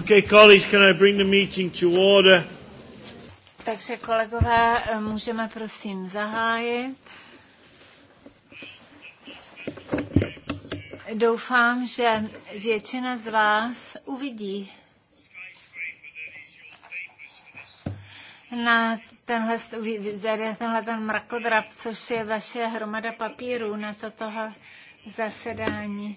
Okay, colleagues, can I bring the meeting to order? Takže kolegové, můžeme prosím zahájit. Doufám, že většina z vás uvidí na tenhle, tenhle tenhle ten mrakodrap, což je vaše hromada papíru na toto zasedání.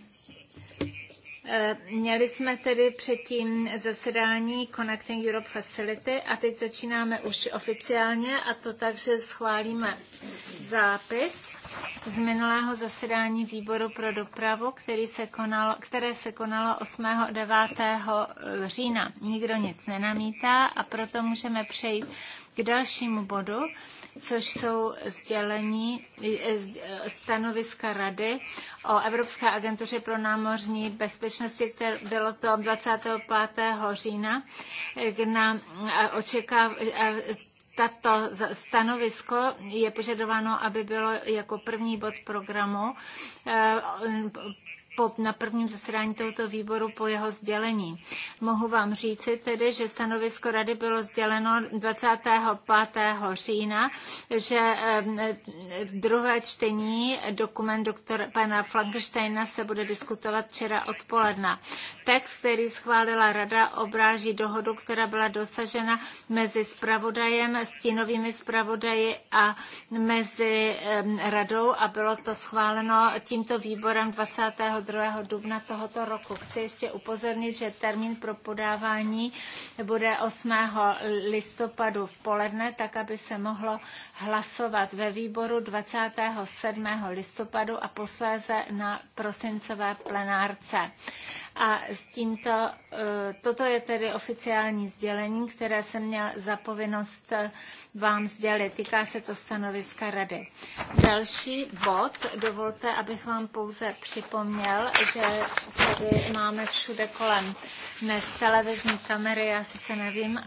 Eh, měli jsme tedy předtím zasedání Connecting Europe Facility a teď začínáme už oficiálně a to tak, že schválíme zápis z minulého zasedání výboru pro dopravu, který se konalo, které se konalo 8. a 9. Eh, října. Nikdo nic nenamítá a proto můžeme přejít k dalšímu bodu, což jsou sdělení, stanoviska Rady o Evropské agentuře pro námořní bezpečnosti, které bylo to 25. října, na, očeká, tato stanovisko je požadováno, aby bylo jako první bod programu e, po, na prvním zasedání tohoto výboru po jeho sdělení. Mohu vám říci tedy, že stanovisko rady bylo sděleno 25. října, že v druhé čtení dokument doktora pana Frankensteina se bude diskutovat včera odpoledne text, který schválila Rada, obráží dohodu, která byla dosažena mezi spravodajem, stínovými spravodaji a mezi Radou a bylo to schváleno tímto výborem 22. dubna tohoto roku. Chci ještě upozornit, že termín pro podávání bude 8. listopadu v poledne, tak aby se mohlo hlasovat ve výboru 27. listopadu a posléze na prosincové plenárce. A s tímto, eh, toto je tedy oficiální sdělení, které jsem měl za povinnost eh, vám sdělit. Týká se to stanoviska rady. Další bod, dovolte, abych vám pouze připomněl, že tady máme všude kolem dnes televizní kamery, já sice nevím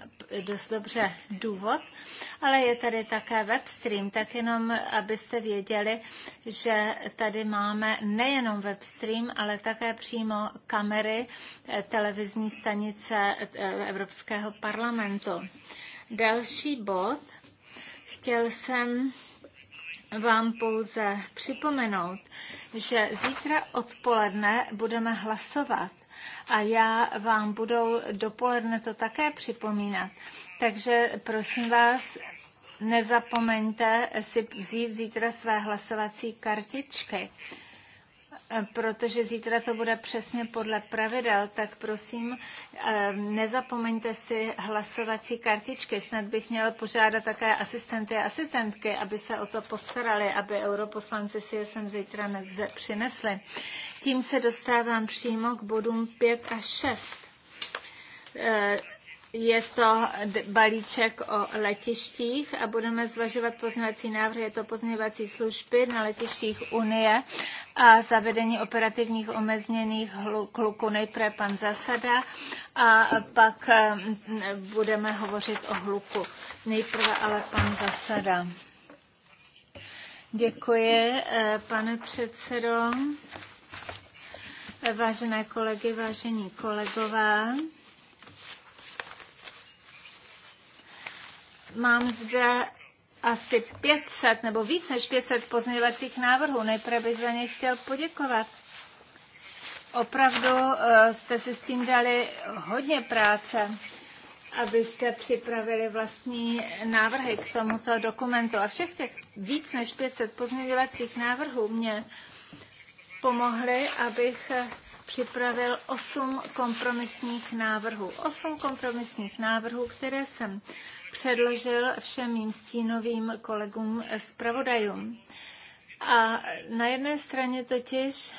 dost dobře důvod, ale je tady také webstream, tak jenom abyste věděli, že tady máme nejenom webstream, ale také přímo kamery eh, televizní stanice eh, Evropského parlamentu. Další bod. Chtěl jsem vám pouze připomenout, že zítra odpoledne budeme hlasovat a já vám budou dopoledne to také připomínat. Takže prosím vás, nezapomeňte si vzít zítra své hlasovací kartičky, eh, protože zítra to bude přesně podle pravidel, tak prosím, eh, nezapomeňte si hlasovací kartičky. Snad bych měl požádat také asistenty a asistentky, aby se o to postarali, aby europoslanci si je sem zítra nevze přinesli. Tím se dostávám přímo k bodům 5 a 6 je to balíček o letištích a budeme zvažovat pozměňovací návrhy. Je to pozměňovací služby na letištích Unie a zavedení operativních omezněných hluků Nejprve pan Zasada a pak budeme hovořit o hluku. Nejprve ale pan Zasada. Děkuji, e, pane předsedo. Vážené kolegy, vážení kolegové. Mám zde asi 500 nebo víc než 500 pozměňovacích návrhů. Nejprve bych za ně chtěl poděkovat. Opravdu eh, jste si s tím dali hodně práce, abyste připravili vlastní návrhy k tomuto dokumentu. A všech těch víc než 500 pozměňovacích návrhů mě pomohly, abych připravil osm kompromisních návrhů. Osm kompromisních návrhů, které jsem předložil všem mým stínovým kolegům eh, zpravodajům. A na jedné straně totiž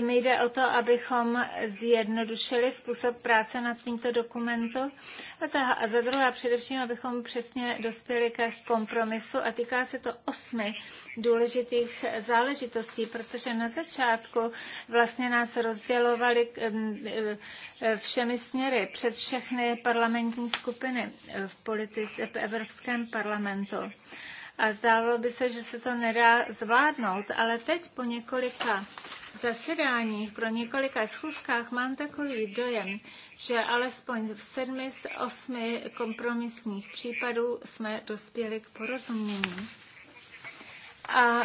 mi jde o to, abychom zjednodušili způsob práce nad tímto dokumentem a za, a za druhé především, abychom přesně dospěli ke kompromisu a týká se to osmi důležitých záležitostí, protože na začátku vlastně nás rozdělovali e, všemi směry přes všechny parlamentní skupiny v, politice, v Evropském parlamentu a zdálo by se, že se to nedá zvládnout, ale teď po několika zasedáních, pro několika schůzkách mám takový dojem, že alespoň v sedmi z osmi kompromisních případů jsme dospěli k porozumění. A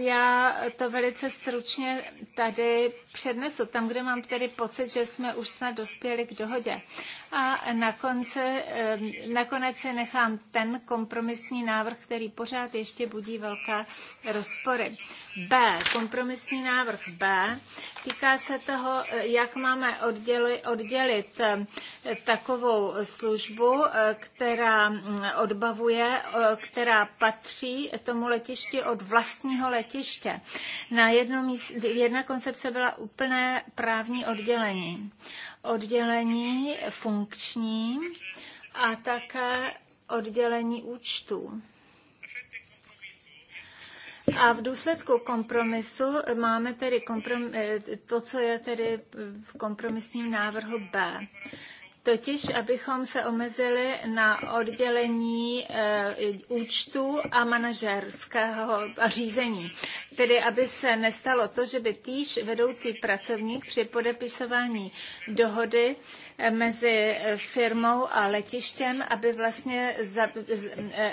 já to velice stručně tady přednesu, tam, kde mám tedy pocit, že jsme už snad dospěli k dohodě. A na konce, nakonec se nechám ten kompromisní návrh, který pořád ještě budí velká rozpory. B, kompromisní návrh B, týká se toho, jak máme oddělit, oddělit takovou službu, e, která mm, odbavuje, e, která patří tomu letišti od vlastního letiště. Na jedno míst, jedna koncepce byla úplné právní oddělení. Oddělení funkční a také oddělení účtů. A v důsledku kompromisu máme tedy komprom- eh, to, co je tedy v kompromisním návrhu B totiž abychom se omezili na oddělení e, účtu a manažerského řízení. Tedy, aby se nestalo to, že by týž vedoucí pracovník při podepisování dohody mezi firmou a letištěm, aby vlastně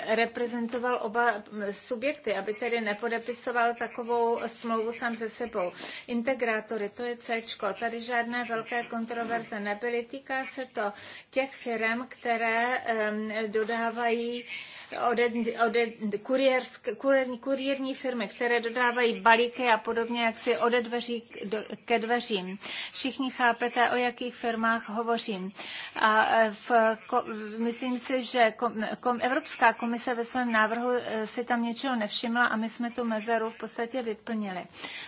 reprezentoval oba subjekty, aby tedy nepodepisoval takovou smlouvu sám se sebou. Integrátory, to je C. Tady žádné velké kontroverze nebyly. Týká se to těch firm, které dodávají od od, kuriersk, kurierní, kurierní firmy, které dodávají balíky a podobně, jak si ode dveří do, ke dveřím. Všichni chápete, o jakých firmách hovořím. A e, v, ko, myslím si, že kom, kom, Evropská komise ve svém návrhu e, si tam něčeho nevšimla a my jsme tu mezeru v podstatě vyplnili.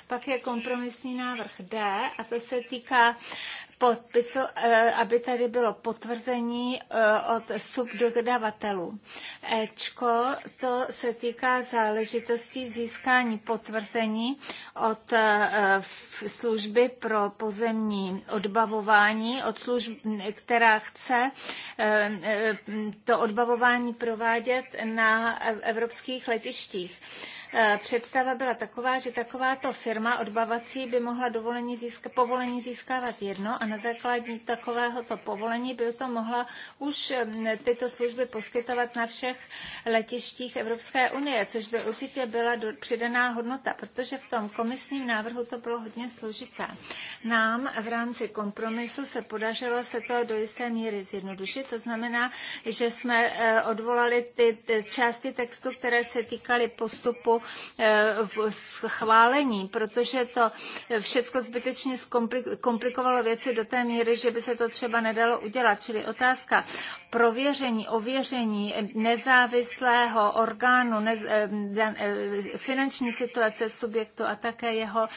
Pak je kompromisní návrh D a to se týká podpisu, eh, aby tady bylo potvrzení eh, od subdodavatelů. Ečko, to se týká záležitostí získání potvrzení od eh, služby pro pozemní odbavování, od služb, která chce to odbavování provádět na evropských letištích. E, představa byla taková, že takováto firma odbavací by mohla dovolení získa, povolení získávat jedno a na základní takovéhoto povolení by to mohla už e, tyto služby poskytovat na všech letištích Evropské unie, což by určitě byla do, přidaná hodnota, protože v tom komisním návrhu to bylo hodně složité. Nám v rámci kompromisu se podařilo se to do jisté míry zjednodušit, to znamená, že jsme e, odvolali ty, ty části textu, které se týkaly postupu Eh, schválení, protože to všechno zbytečně komplikovalo věci do té míry, že by se to třeba nedalo udělat. Čili otázka prověření, ověření nezávislého orgánu, nez, eh, eh, finanční situace subjektu a také jeho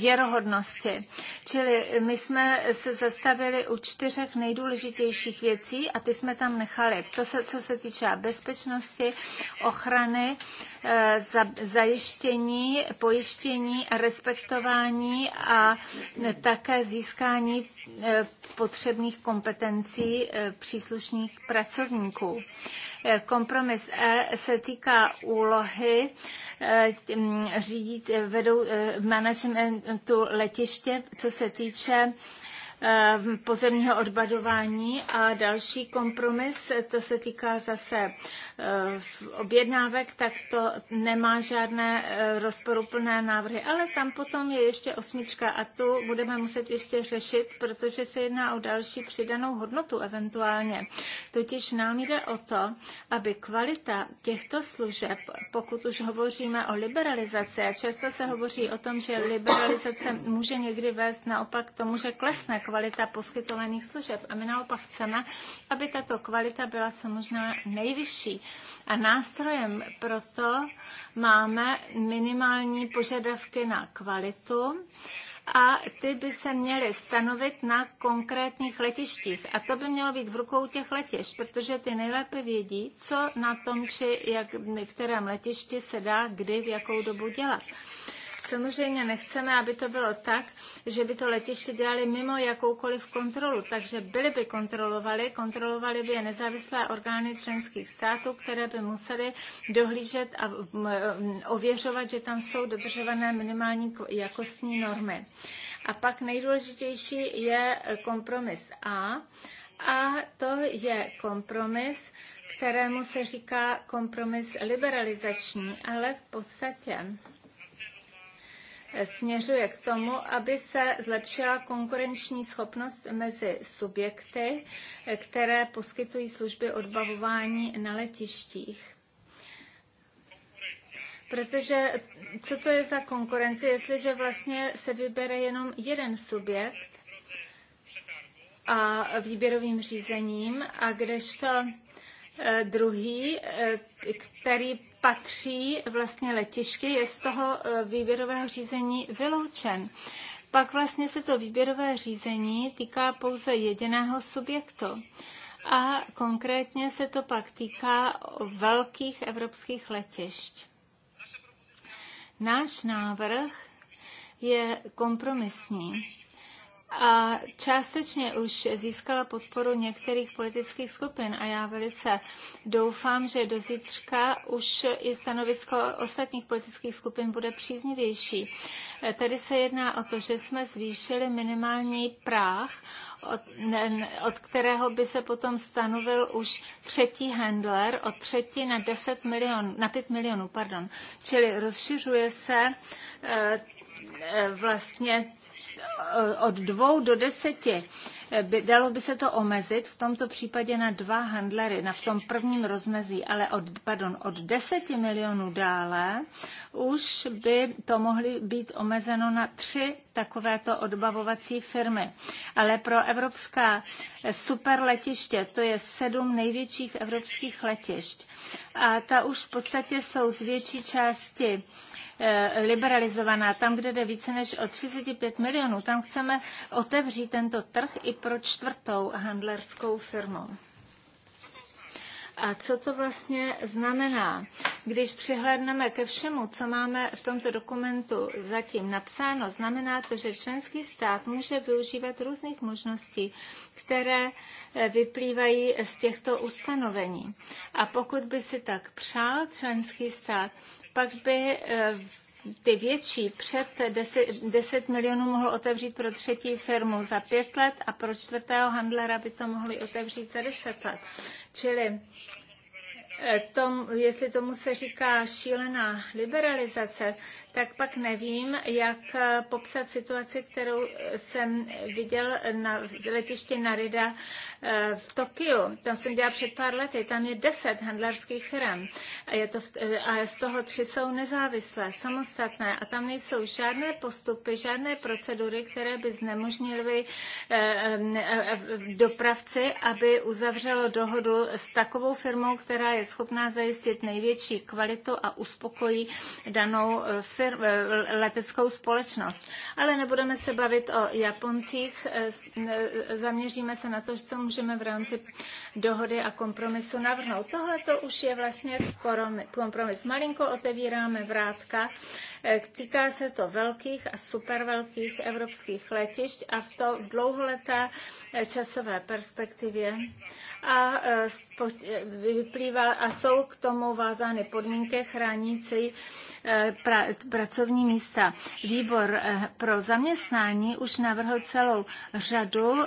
věrohodnosti. Čili my jsme se zastavili u čtyřech nejdůležitějších věcí a ty jsme tam nechali. To, se, co se týče bezpečnosti, ochrany, Eh, zajištění, pojištění a respektování a také získání eh, potřebných kompetencí eh, příslušných pracovníků. Kompromis E se týká úlohy řídit, vedou managementu letiště, co se týče Eh, pozemního odbadování a další kompromis, to se týká zase eh, objednávek, tak to nemá žádné eh, rozporuplné návrhy, ale tam potom je ještě osmička a tu budeme muset ještě řešit, protože se jedná o další přidanou hodnotu eventuálně. Totiž nám jde o to, aby kvalita těchto služeb, pokud už hovoříme o liberalizaci, a často se hovoří o tom, že liberalizace může někdy vést naopak tomu, že klesne kvalita, kvalita poskytovaných služeb. A my naopak chceme, aby tato kvalita byla co možná nejvyšší. A nástrojem proto máme minimální požadavky na kvalitu a ty by se měly stanovit na konkrétních letištích. A to by mělo být v rukou těch letišť, protože ty nejlépe vědí, co na tom či jak, v kterém letišti se dá kdy v jakou dobu dělat samozřejmě nechceme, aby to bylo tak, že by to letiště dělali mimo jakoukoliv kontrolu, takže byli by kontrolovali, kontrolovali by je nezávislé orgány členských států, které by museli dohlížet a ověřovat, že tam jsou dodržované minimální jakostní normy. A pak nejdůležitější je kompromis A, a to je kompromis, kterému se říká kompromis liberalizační, ale v podstatě směřuje k tomu, aby se zlepšila konkurenční schopnost mezi subjekty, které poskytují služby odbavování na letištích. Protože co to je za konkurenci, jestliže vlastně se vybere jenom jeden subjekt a výběrovým řízením, a kdežto Eh, druhý, eh, který patří vlastně letiště, je z toho eh, výběrového řízení vyloučen. Pak vlastně se to výběrové řízení týká pouze jediného subjektu. A konkrétně se to pak týká velkých evropských letišť. Náš návrh je kompromisní a částečně už získala podporu některých politických skupin a já velice doufám, že do zítřka už i stanovisko ostatních politických skupin bude příznivější. Tady se jedná o to, že jsme zvýšili minimální práh od, ne, od kterého by se potom stanovil už třetí handler od třetí na 10 milion, na 5 milionů, pardon. Čili rozšiřuje se e, e, vlastně Eh, od dvou do deseti. Eh, by, dalo by se to omezit v tomto případě na dva handlery, na v tom prvním rozmezí, ale od, pardon, od deseti milionů dále už by to mohly být omezeno na tři takovéto odbavovací firmy. Ale pro evropská superletiště, to je sedm největších evropských letišť, a ta už v podstatě jsou z větší části eh, liberalizovaná, tam, kde jde více než o 35 milionů, tam chceme otevřít tento trh i pro čtvrtou handlerskou firmu. A co to vlastně znamená? Když přihlédneme ke všemu, co máme v tomto dokumentu zatím napsáno, znamená to, že členský stát může využívat různých možností, které eh, vyplývají z těchto ustanovení. A pokud by si tak přál členský stát, pak by eh, ty větší před 10, 10 milionů mohl otevřít pro třetí firmu za pět let a pro čtvrtého handlera by to mohli otevřít za deset let. Čili tom, jestli tomu se říká šílená liberalizace, tak pak nevím, jak eh, popsat situaci, kterou eh, jsem viděl na letišti Narida eh, v Tokiu. Tam jsem dělal před pár lety. Tam je deset handlarských firm a, je to, a z toho tři jsou nezávislé, samostatné a tam nejsou žádné postupy, žádné procedury, které by znemožnily dopravci, aby uzavřelo dohodu s takovou firmou, která je schopná zajistit největší kvalitu a uspokojí danou eh, fir- eh, leteckou společnost. Ale nebudeme se bavit o Japoncích, eh, zaměříme se na to, co můžeme v rámci dohody a kompromisu navrhnout. Tohle to už je vlastně kompromis. Malinko otevíráme vrátka. Týká se to velkých a supervelkých evropských letišť a v to dlouholeté časové perspektivě a, e, e, vyplývá, a jsou k tomu vázány podmínky chránící e, pra, pracovní místa. Výbor pro zaměstnání už navrhl celou řadu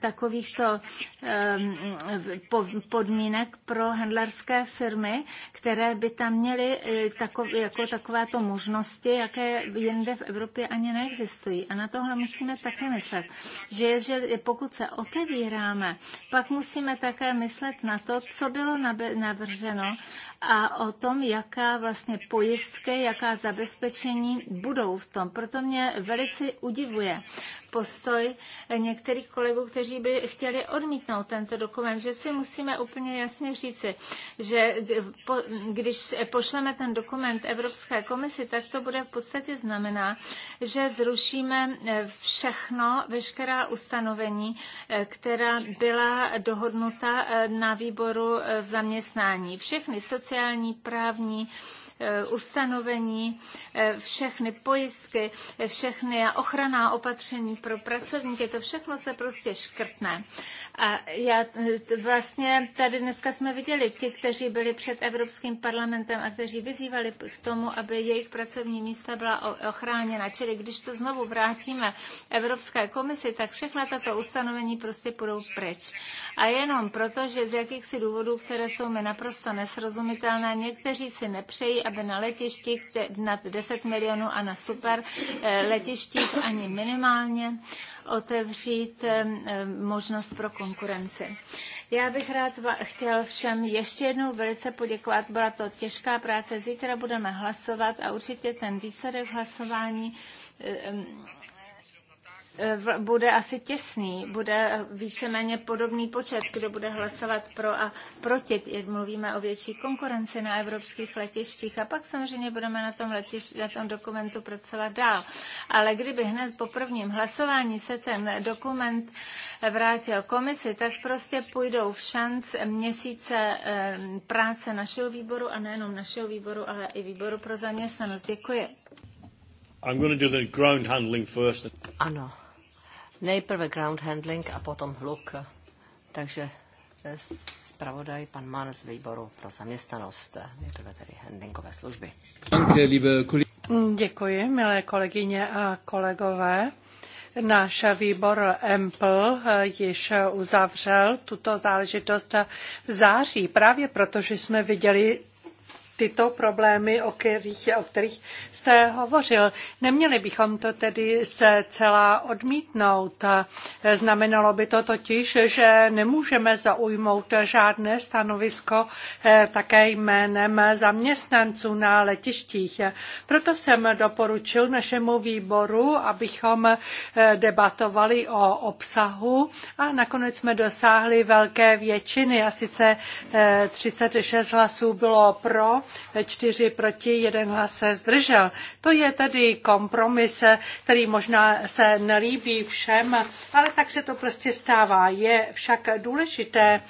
takovýchto podmínek pro handlerské firmy, které by tam měly takov, jako takovéto možnosti, jaké jinde v Evropě ani neexistují. A na tohle musíme také myslet, že, že pokud se otevíráme, pak musíme musíme také myslet na to, co bylo navrženo a o tom, jaká vlastně pojistky, jaká zabezpečení budou v tom. Proto mě velice udivuje postoj některých kolegů, kteří by chtěli odmítnout tento dokument, že si musíme úplně jasně říci, že když pošleme ten dokument Evropské komisi, tak to bude v podstatě znamená, že zrušíme všechno, veškerá ustanovení, která byla dohodnuta na výboru zaměstnání. Všechny sociální sociální, právní eh, ustanovení, eh, všechny pojistky, eh, všechny ochranná opatření pro pracovníky, to všechno se prostě škrtne. A já vlastně tady dneska jsme viděli ti, kteří byli před Evropským parlamentem a kteří vyzývali k tomu, aby jejich pracovní místa byla ochráněna. Čili když to znovu vrátíme Evropské komisi, tak všechna tato ustanovení prostě půjdou pryč. A jenom proto, že z jakýchsi důvodů, které jsou mi naprosto nesrozumitelné, někteří si nepřejí, aby na letištích nad 10 milionů a na super eh, letištích ani minimálně, otevřít možnost pro konkurenci. Já bych rád chtěl všem ještě jednou velice poděkovat. Byla to těžká práce. Zítra budeme hlasovat a určitě ten výsledek hlasování Eh, bude asi těsný, bude víceméně podobný počet, kdo bude hlasovat pro a proti. Mluvíme o větší konkurenci na evropských letištích a pak samozřejmě budeme na tom, letiš, na tom dokumentu pracovat dál. Ale kdyby hned po prvním hlasování se ten dokument vrátil komisi, tak prostě půjdou v šanc měsíce eh, práce našeho výboru a nejenom našeho výboru, ale i výboru pro zaměstnanost. Děkuji. I'm going to do the ground handling first. Ano, Nejprve ground handling a potom hluk. Takže eh, zpravodaj pan Mann z výboru pro zaměstnanost, nejprve tedy handlingové služby. Děkuji, milé kolegyně a kolegové. Náš výbor EMPL eh, již uzavřel tuto záležitost v září, právě protože jsme viděli tyto problémy, o kterých, o kterých jste hovořil. Neměli bychom to tedy se celá odmítnout. Znamenalo by to totiž, že nemůžeme zaujmout žádné stanovisko eh, také jménem zaměstnanců na letištích. Proto jsem doporučil našemu výboru, abychom eh, debatovali o obsahu a nakonec jsme dosáhli velké většiny a sice 36 eh, hlasů bylo pro čtyři proti, jeden hlas se zdržel. To je tedy kompromis, který možná se nelíbí všem, ale tak se to prostě stává. Je však důležité,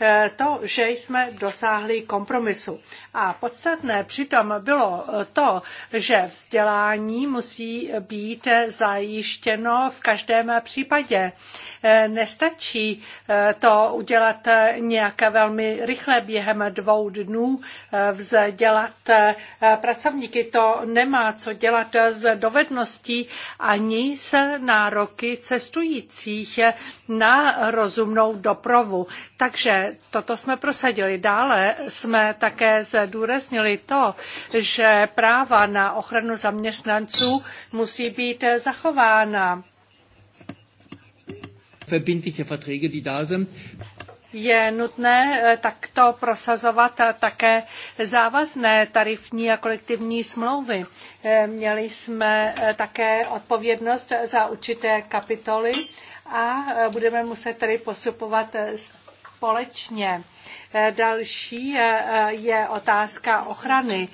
Eh, to, že jsme dosáhli kompromisu. A podstatné přitom bylo eh, to, že vzdělání musí být zajištěno v každém případě. Eh, nestačí to udělat nějak velmi rychle během dvou dnů, vzdělat pracovníky. To nemá co dělat s dovedností ani s nároky cestujících na rozumnou dopravu. Takže toto jsme prosadili. Dále jsme také zdůraznili to, že práva na ochranu zaměstnanců musí být zachována. Verbindliche Verträge, die da sind, je nutné eh, takto prosazovat eh, také závazné tarifní a kolektivní smlouvy. Eh, měli jsme také odpovědnost za určité kapitoly a budeme muset tedy postupovat společně. Eh, další eh, eh, je otázka ochrany.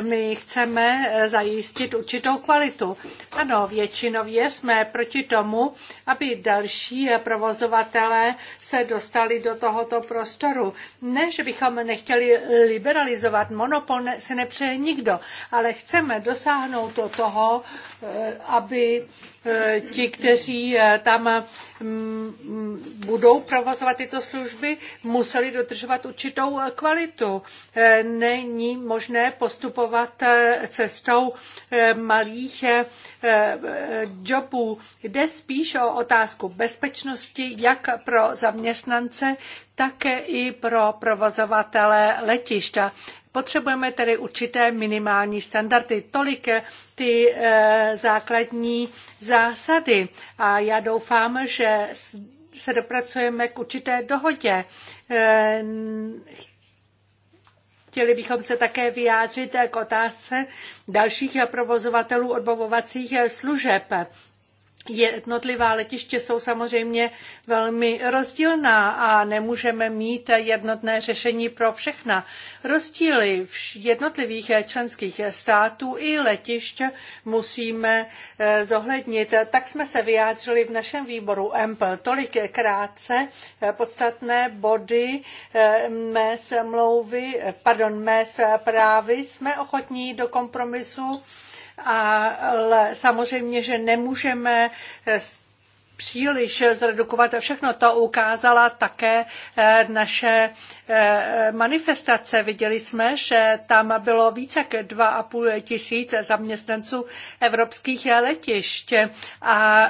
My chceme zajistit určitou kvalitu. Ano, většinově jsme proti tomu, aby další provozovatelé se dostali do tohoto prostoru. Ne, že bychom nechtěli liberalizovat monopol, ne, se nepřeje nikdo, ale chceme dosáhnout toho, aby ti, kteří tam mm, mm, budou provozovat tyto služby, museli dodržovat dodržovat určitou kvalitu. Eh, Není možné postupovat eh, cestou eh, malých jobů. Jde spíš o otázku bezpečnosti jak pro zaměstnance, tak i pro provozovatele letišta. Potřebujeme tedy určité minimální standardy, tolik ty základní zásady. A já doufám, že se dopracujeme k určité dohodě. Eh, chtěli bychom se také vyjádřit k otázce dalších provozovatelů odbavovacích služeb. Jednotlivá letiště jsou samozřejmě velmi rozdílná a nemůžeme mít jednotné řešení pro všechna. Rozdíly v jednotlivých členských států i letišť musíme eh, zohlednit. Tak jsme se vyjádřili v našem výboru EMPL. Tolik krátce eh, podstatné body eh, mé smlouvy, pardon, mé zprávy. Jsme ochotní do kompromisu ale samozřejmě, že nemůžeme příliš zredukovat všechno. To ukázala také eh, naše eh, manifestace. Viděli jsme, že tam bylo více jak 2,5 tisíc zaměstnanců evropských letišť a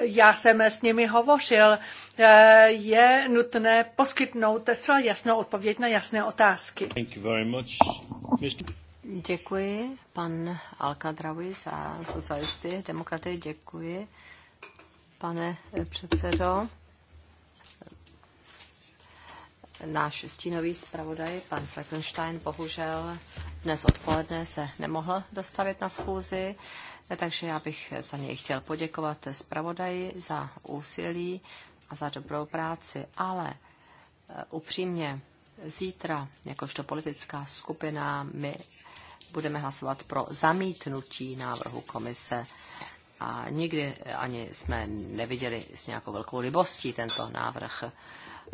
já jsem s nimi hovořil, eh, je nutné poskytnout celá jasnou odpověď na jasné otázky. Děkuji, pan Alkadravi za socialisty, demokraty, děkuji, pane předsedo. Náš stínový zpravodaj, pan Fleckenstein, bohužel dnes odpoledne se nemohl dostavit na schůzi, takže já bych za něj chtěl poděkovat zpravodaji za úsilí a za dobrou práci, ale eh, upřímně zítra, jakožto politická skupina, my budeme hlasovat pro zamítnutí návrhu komise. A nikdy ani jsme neviděli s nějakou velkou libostí tento návrh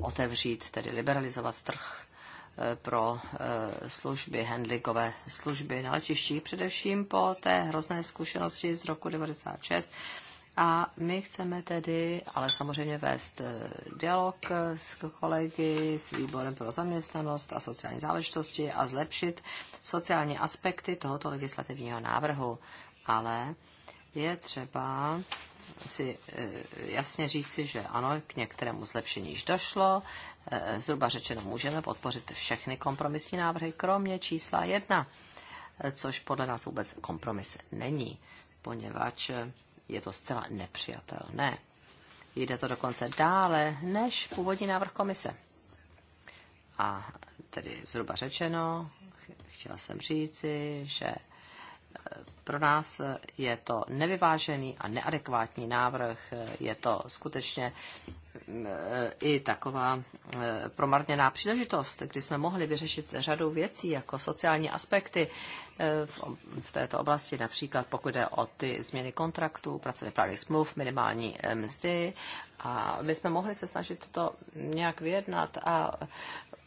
otevřít, tedy liberalizovat trh eh, pro eh, služby, handlingové služby na letištích, především po té hrozné zkušenosti z roku 96 a my chceme tedy, ale samozřejmě vést eh, dialog eh, s kolegy, s výborem pro zaměstnanost a sociální záležitosti a zlepšit sociální aspekty tohoto legislativního návrhu. Ale je třeba si eh, jasně říci, že ano, k některému zlepšení již došlo. Zhruba řečeno můžeme podpořit všechny kompromisní návrhy, kromě čísla jedna, což podle nás vůbec kompromis není, poněvadž je to zcela nepřijatelné. Jde to dokonce dále než původní návrh komise. A tedy zhruba řečeno, chtěla jsem říci, že e, pro nás je to nevyvážený a neadekvátní návrh. E, je to skutečně Eh, i taková eh, promarněná příležitost, kdy jsme mohli vyřešit řadu věcí, jako sociální aspekty eh, v této oblasti, například pokud jde o ty změny kontraktů, pracovně právě smluv, minimální mzdy. A my jsme mohli se snažit to nějak vyjednat a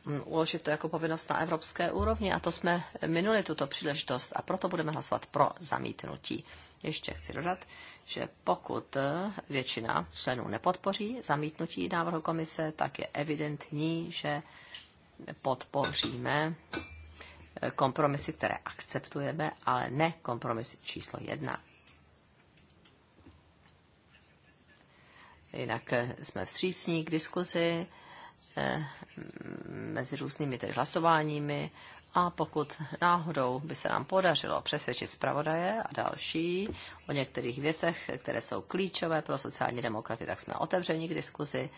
mm, uložit to jako povinnost na evropské úrovni a to jsme minuli tuto příležitost a proto budeme hlasovat pro zamítnutí ještě chci dodat, že pokud eh, většina členů nepodpoří zamítnutí návrhu komise, tak je evidentní, že podpoříme eh, kompromisy, které akceptujeme, ale ne kompromisy číslo jedna. Jinak eh, jsme vstřícní k diskuzi mezi různými tedy hlasováními a pokud náhodou by se nám podařilo přesvědčit zpravodaje a další o některých věcech, které jsou klíčové pro sociální demokraty, tak jsme otevřeni k diskuzi,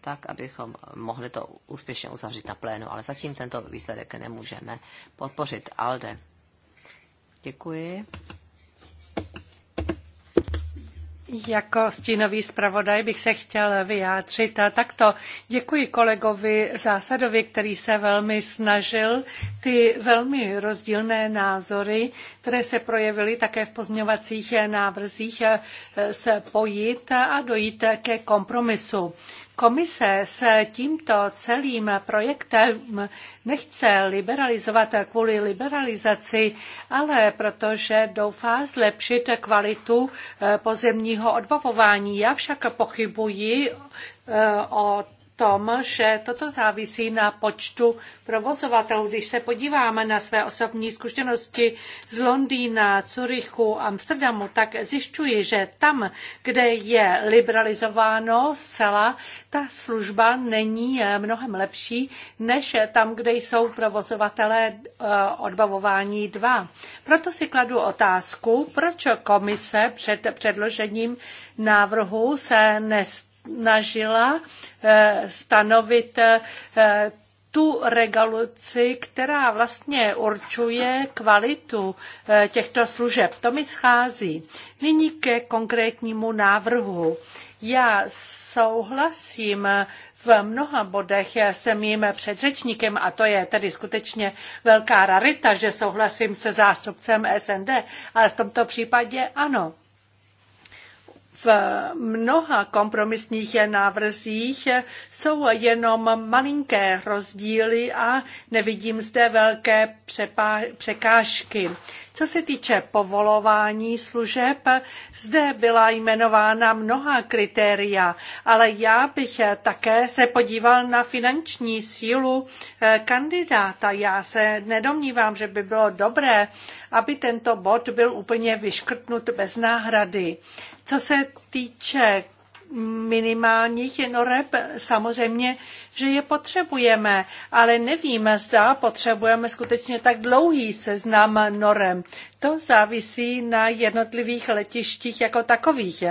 tak abychom mohli to úspěšně uzavřít na plénu. Ale zatím tento výsledek nemůžeme podpořit. Alde. Děkuji. Jako stínový zpravodaj bych se chtěl vyjádřit a takto. Děkuji kolegovi Zásadovi, který se velmi snažil ty velmi rozdílné názory, které se projevily také v pozměňovacích návrzích, eh, spojit a dojít ke kompromisu. Komise se tímto celým projektem nechce liberalizovat kvůli liberalizaci, ale protože doufá zlepšit kvalitu eh, pozemního odbavování. Já však pochybuji eh, o tom, že toto závisí na počtu provozovatelů. Když se podíváme na své osobní zkušenosti z Londýna, Curychu, Amsterdamu, tak zjišťuji, že tam, kde je liberalizováno zcela, ta služba není eh, mnohem lepší, než tam, kde jsou provozovatelé eh, odbavování dva. Proto si kladu otázku, proč komise před předložením návrhu se nest snažila eh, stanovit eh, tu regulaci, která vlastně určuje kvalitu eh, těchto služeb. To mi schází. Nyní ke konkrétnímu návrhu. Já souhlasím v mnoha bodech Já jsem mým předřečníkem a to je tedy skutečně velká rarita, že souhlasím se zástupcem SND, ale v tomto případě ano v mnoha kompromisních návrzích jsou jenom malinké rozdíly a nevidím zde velké překážky. Co se týče povolování služeb, zde byla jmenována mnoha kritéria, ale já bych také se podíval na finanční sílu eh, kandidáta. Já se nedomnívám, že by bylo dobré, aby tento bod byl úplně vyškrtnut bez náhrady. Co se týče minimálních noreb samozřejmě, že je potřebujeme, ale nevíme, zda potřebujeme skutečně tak dlouhý seznam norem. To závisí na jednotlivých letištích jako takových.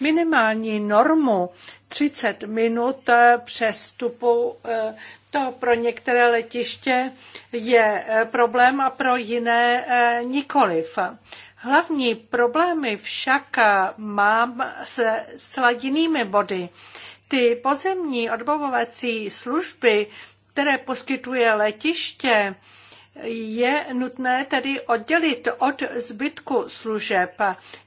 Minimální normu 30 minut přestupu eh, to pro některé letiště je eh, problém a pro jiné eh, nikoliv. Hlavní problémy však eh, mám se sladinými body. Ty pozemní odbavovací služby, které poskytuje letiště, je nutné tedy oddělit od zbytku služeb.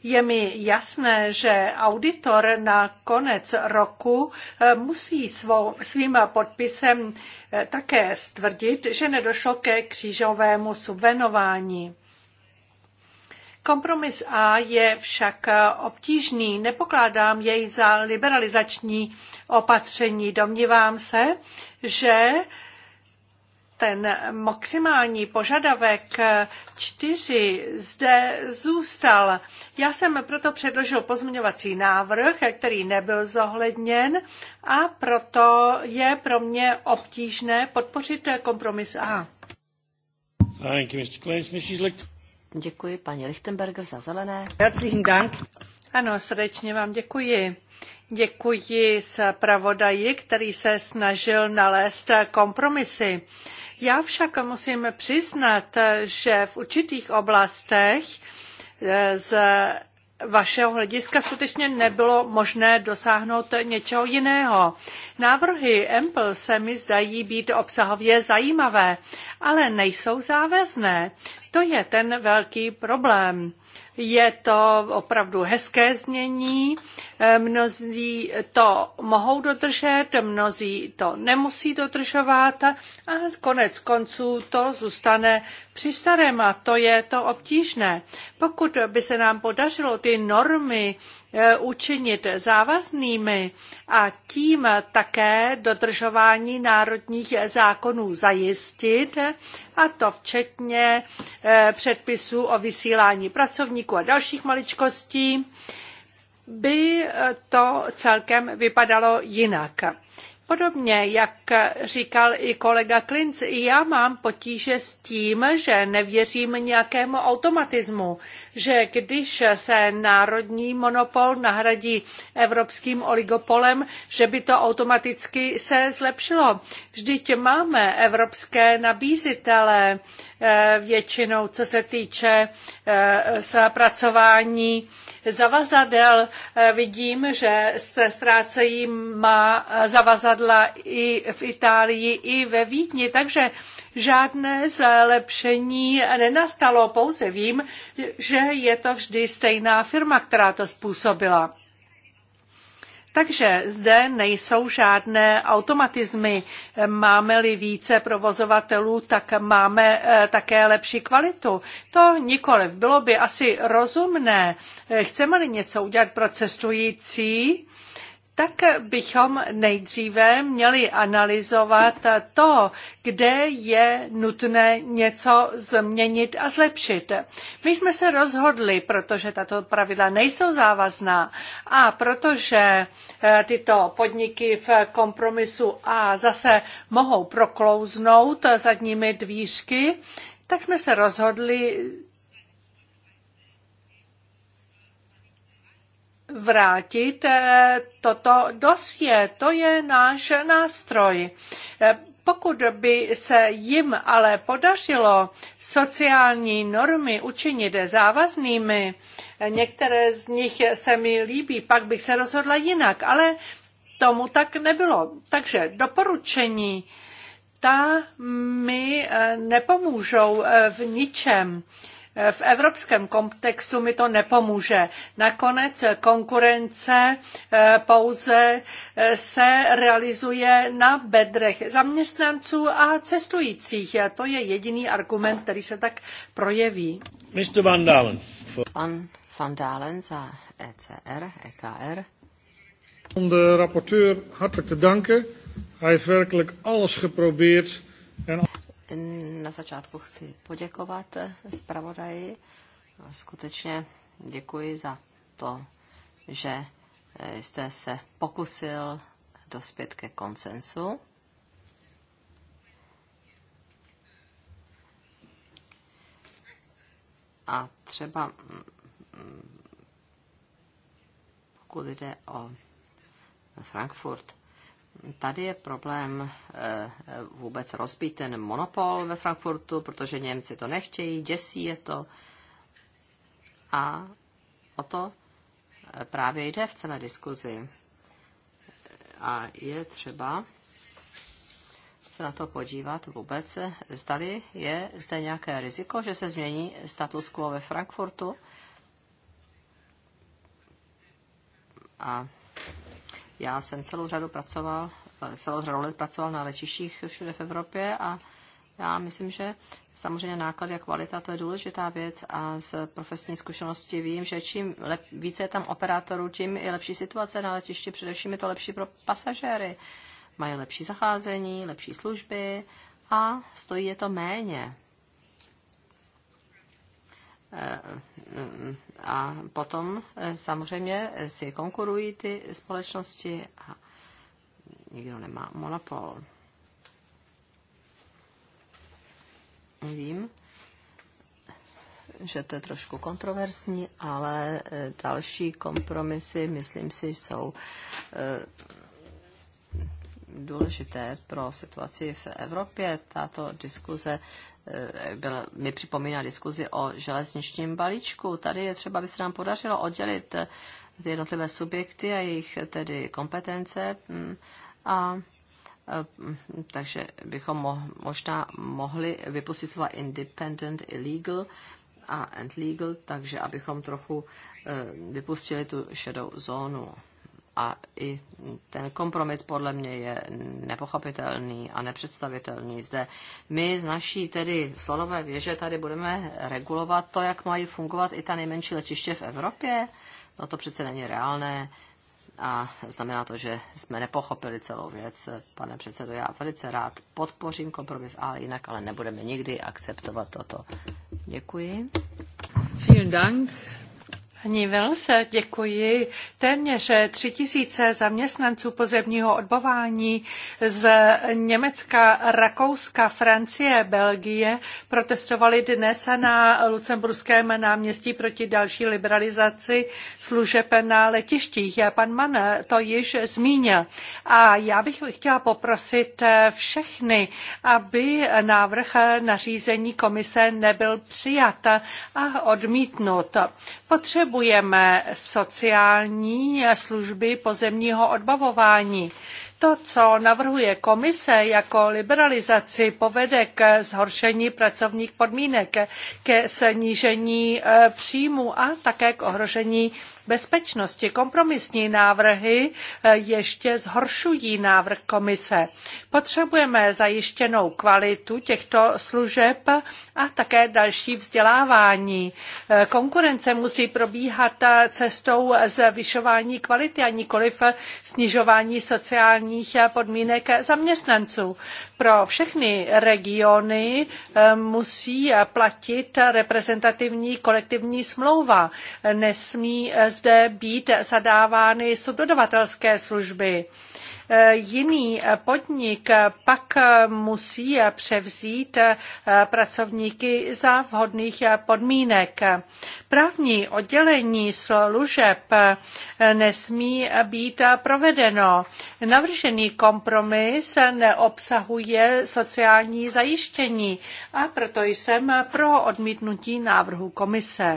Je mi jasné, že auditor na konec roku eh, musí svou, svým podpisem eh, také stvrdit, že nedošlo ke křížovému subvenování. Kompromis A je však obtížný, nepokládám jej za liberalizační opatření. Domnívám se, že ten maximální požadavek čtyři zde zůstal. Já jsem proto předložil pozměňovací návrh, který nebyl zohledněn a proto je pro mě obtížné podpořit kompromis A. Thank you, Mr. Clayton. Mrs. Děkuji paní Lichtenberger za zelené. Herzlichen Dank. Ano, srdečně vám děkuji. Děkuji zpravodaji, který se snažil nalézt kompromisy. Já však musím přiznat, že v určitých oblastech eh, z vašeho hlediska skutečně nebylo možné dosáhnout něčeho jiného. Návrhy Ample se mi zdají být obsahově zajímavé, ale nejsou závazné. To je ten velký problém. Je to opravdu hezké znění, eh, mnozí to mohou dodržet, mnozí to nemusí dodržovat a konec konců to zůstane při starém a to je to obtížné. Pokud by se nám podařilo ty normy eh, učinit závaznými a tím také dodržování národních zákonů zajistit, a to včetně eh, předpisů o vysílání pracovníků, pracovníků a dalších maličkostí by to celkem vypadalo jinak. Podobně, jak říkal i kolega Klinc, já mám potíže s tím, že nevěřím nějakému automatismu, že když se národní monopol nahradí evropským oligopolem, že by to automaticky se zlepšilo. Vždyť máme evropské nabízitele eh, většinou, co se týče zpracování eh, zavazadel. Eh, vidím, že se ztrácejí má zavazadla i v Itálii, i ve Vítni, takže žádné zlepšení nenastalo. Pouze vím, že je to vždy stejná firma, která to způsobila. Takže zde nejsou žádné automatizmy. Máme-li více provozovatelů, tak máme eh, také lepší kvalitu. To nikoliv. Bylo by asi rozumné. Eh, chceme-li něco udělat pro cestující, tak bychom nejdříve měli analyzovat to, kde je nutné něco změnit a zlepšit. My jsme se rozhodli, protože tato pravidla nejsou závazná a protože eh, tyto podniky v kompromisu A zase mohou proklouznout zadními dvířky, tak jsme se rozhodli vrátit eh, toto dosie. To je náš nástroj. Eh, pokud by se jim ale podařilo sociální normy učinit závaznými, eh, některé z nich se mi líbí, pak bych se rozhodla jinak, ale tomu tak nebylo. Takže doporučení ta mi nepomůžou v ničem. V evropském kontextu mi to nepomůže. Nakonec konkurence eh, pouze eh, se realizuje na bedrech zaměstnanců a cestujících. To je jediný argument, který se tak projeví. Mr. Van Dalen. For... Pan Van Dalen za ECR, EKR. Om de rapporteur hartelijk te danken. Hij heeft werkelijk alles geprobeerd en na začátku chci poděkovat zpravodaji. Skutečně děkuji za to, že jste se pokusil dospět ke konsensu. A třeba mm, mm, pokud jde o Frankfurt, tady je problém eh, vůbec rozbít ten monopol ve Frankfurtu, protože Němci to nechtějí, děsí je to. A o to eh, právě jde v celé diskuzi. A je třeba se na to podívat vůbec. Zdali je zde nějaké riziko, že se změní status quo ve Frankfurtu? A já jsem celou řadu pracoval, eh, celou řadu let pracoval na letištích všude v Evropě a já myslím, že samozřejmě náklad a kvalita to je důležitá věc a z profesní zkušenosti vím, že čím lep, více je tam operátorů, tím je lepší situace na letišti, především je to lepší pro pasažéry. Mají lepší zacházení, lepší služby a stojí je to méně a potom eh, samozřejmě si konkurují ty společnosti a nikdo nemá monopol. Vím, že to je trošku kontroverzní, ale eh, další kompromisy, myslím si, jsou eh, důležité pro situaci v Evropě. Tato diskuze eh, byl, mi připomíná diskuzi o železničním balíčku. Tady je třeba, aby se nám podařilo oddělit eh, ty jednotlivé subjekty a jejich eh, tedy kompetence mm, a takže bychom možná mohli vypustit slova independent, illegal a and legal, takže abychom trochu vypustili tu šedou zónu. A i ten kompromis podle mě je nepochopitelný a nepředstavitelný zde. My z naší tedy slonové věže tady budeme regulovat to, jak mají fungovat i ta nejmenší letiště v Evropě. No to přece není reálné a znamená to, že jsme nepochopili celou věc. Pane předsedo, já velice rád podpořím kompromis, ale jinak ale nebudeme nikdy akceptovat toto. Děkuji. Vielen Dank. Paní Velse, děkuji. Téměř tři tisíce zaměstnanců pozemního odbování z Německa, Rakouska, Francie, Belgie protestovali dnes na Lucemburském náměstí proti další liberalizaci služeb na letištích. Pan Mann to již zmínil. A já bych chtěla poprosit všechny, aby návrh nařízení komise nebyl přijat a odmítnut. Potřebujeme sociální služby pozemního odbavování. To, co navrhuje komise jako liberalizaci, povede k zhoršení pracovních podmínek, ke snížení eh, příjmu a také k ohrožení bezpečnosti. Kompromisní návrhy eh, ještě zhoršují návrh komise. Potřebujeme zajištěnou kvalitu těchto služeb a také další vzdělávání. Eh, konkurence musí probíhat eh, cestou zvyšování kvality a nikoliv snižování sociálních podmínek zaměstnanců. Pro všechny regiony musí platit reprezentativní kolektivní smlouva. Nesmí zde být zadávány subdodavatelské služby. E, jiný podnik pak musí převzít e, pracovníky za vhodných podmínek. Právní oddělení služeb nesmí být provedeno. Navržený kompromis neobsahuje sociální zajištění a proto jsem pro odmítnutí návrhu komise.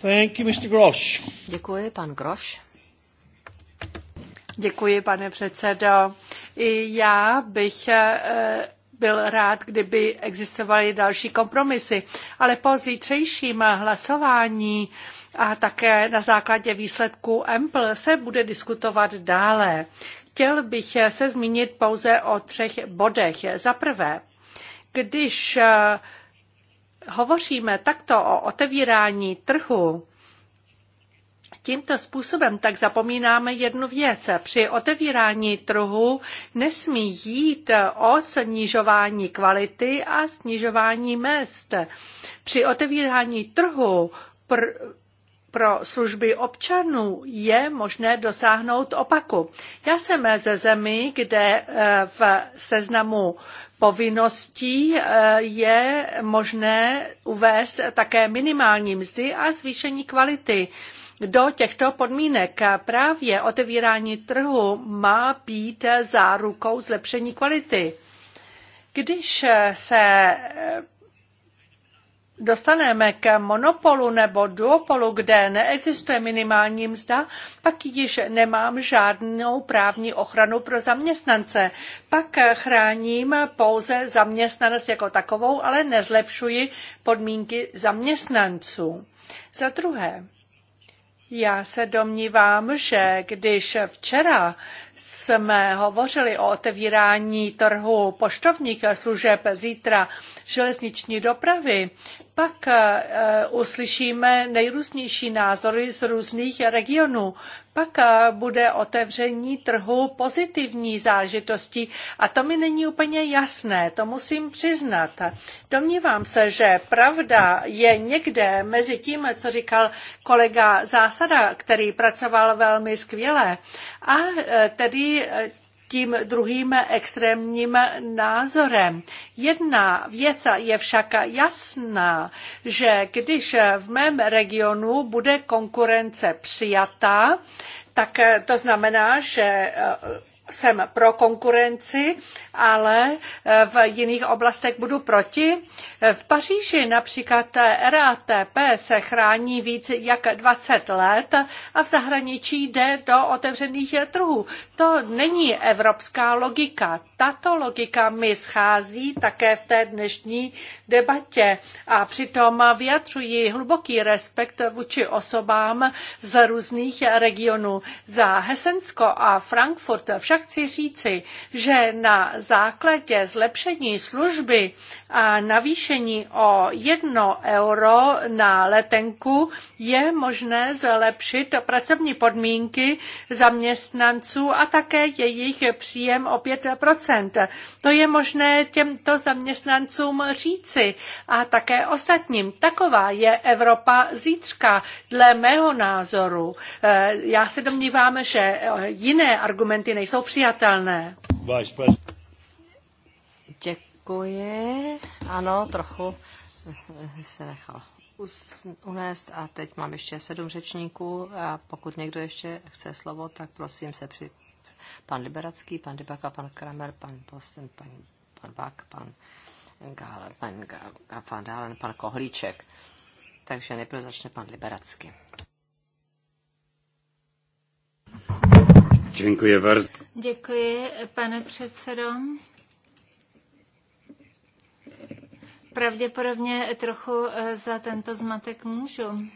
Thank you, Mr. Grosch. Děkuji, pan Grosch. Děkuji, pane předsedo. I já bych eh, byl rád, kdyby existovaly další kompromisy, ale po zítřejším hlasování a také na základě výsledků EMPL se bude diskutovat dále. Chtěl bych se zmínit pouze o třech bodech. Za prvé, když eh, hovoříme takto o otevírání trhu, Tímto způsobem tak zapomínáme jednu věc. Při otevírání trhu nesmí jít o snižování kvality a snižování mest. Při otevírání trhu pr- pro služby občanů je možné dosáhnout opaku. Já jsem ze zemi, kde eh, v seznamu povinností eh, je možné uvést také minimální mzdy a zvýšení kvality. Do těchto podmínek právě otevírání trhu má být zárukou zlepšení kvality. Když se dostaneme k monopolu nebo duopolu, kde neexistuje minimální mzda, pak již nemám žádnou právní ochranu pro zaměstnance. Pak chráním pouze zaměstnanost jako takovou, ale nezlepšuji podmínky zaměstnanců. Za druhé, já se domnívám, že když včera jsme hovořili o otevírání trhu poštovních služeb, zítra železniční dopravy, pak eh, eh, uslyšíme nejrůznější názory z různých regionů. Pak eh, bude otevření trhu pozitivní zážitostí a to mi není úplně jasné, to musím přiznat. Domnívám se, že pravda je někde mezi tím, co říkal kolega Zásada, který pracoval velmi skvěle, a tedy tím druhým extrémním názorem. Jedna věc je však jasná, že když v mém regionu bude konkurence přijatá, tak to znamená, že jsem pro konkurenci, ale e, v jiných oblastech budu proti. V Paříži například RATP se chrání víc jak 20 let a v zahraničí jde do otevřených trhů. To není evropská logika tato logika mi schází také v té dnešní debatě a přitom vyjadřuji hluboký respekt vůči osobám z různých regionů. Za Hesensko a Frankfurt však chci říci, že na základě zlepšení služby a navýšení o jedno euro na letenku je možné zlepšit pracovní podmínky zaměstnanců a také jejich příjem o 5 to je možné těmto zaměstnancům říci a také ostatním. Taková je Evropa zítřka, dle mého názoru. Eh, já se domnívám, že eh, jiné argumenty nejsou přijatelné. Děkuji. Ano, trochu se nechal unést a teď mám ještě sedm řečníků a pokud někdo ještě chce slovo, tak prosím se připravit pan Liberacký, pan Dybaka, pan Kramer, pan Posten, pan, pan Bak, pan Gál, pan, Gál, pan Dálen, pan Kohlíček. Takže nejprve začne pan Liberacký. Děkuji Děkuji, pane předsedo. Pravděpodobně trochu eh, za tento zmatek můžu,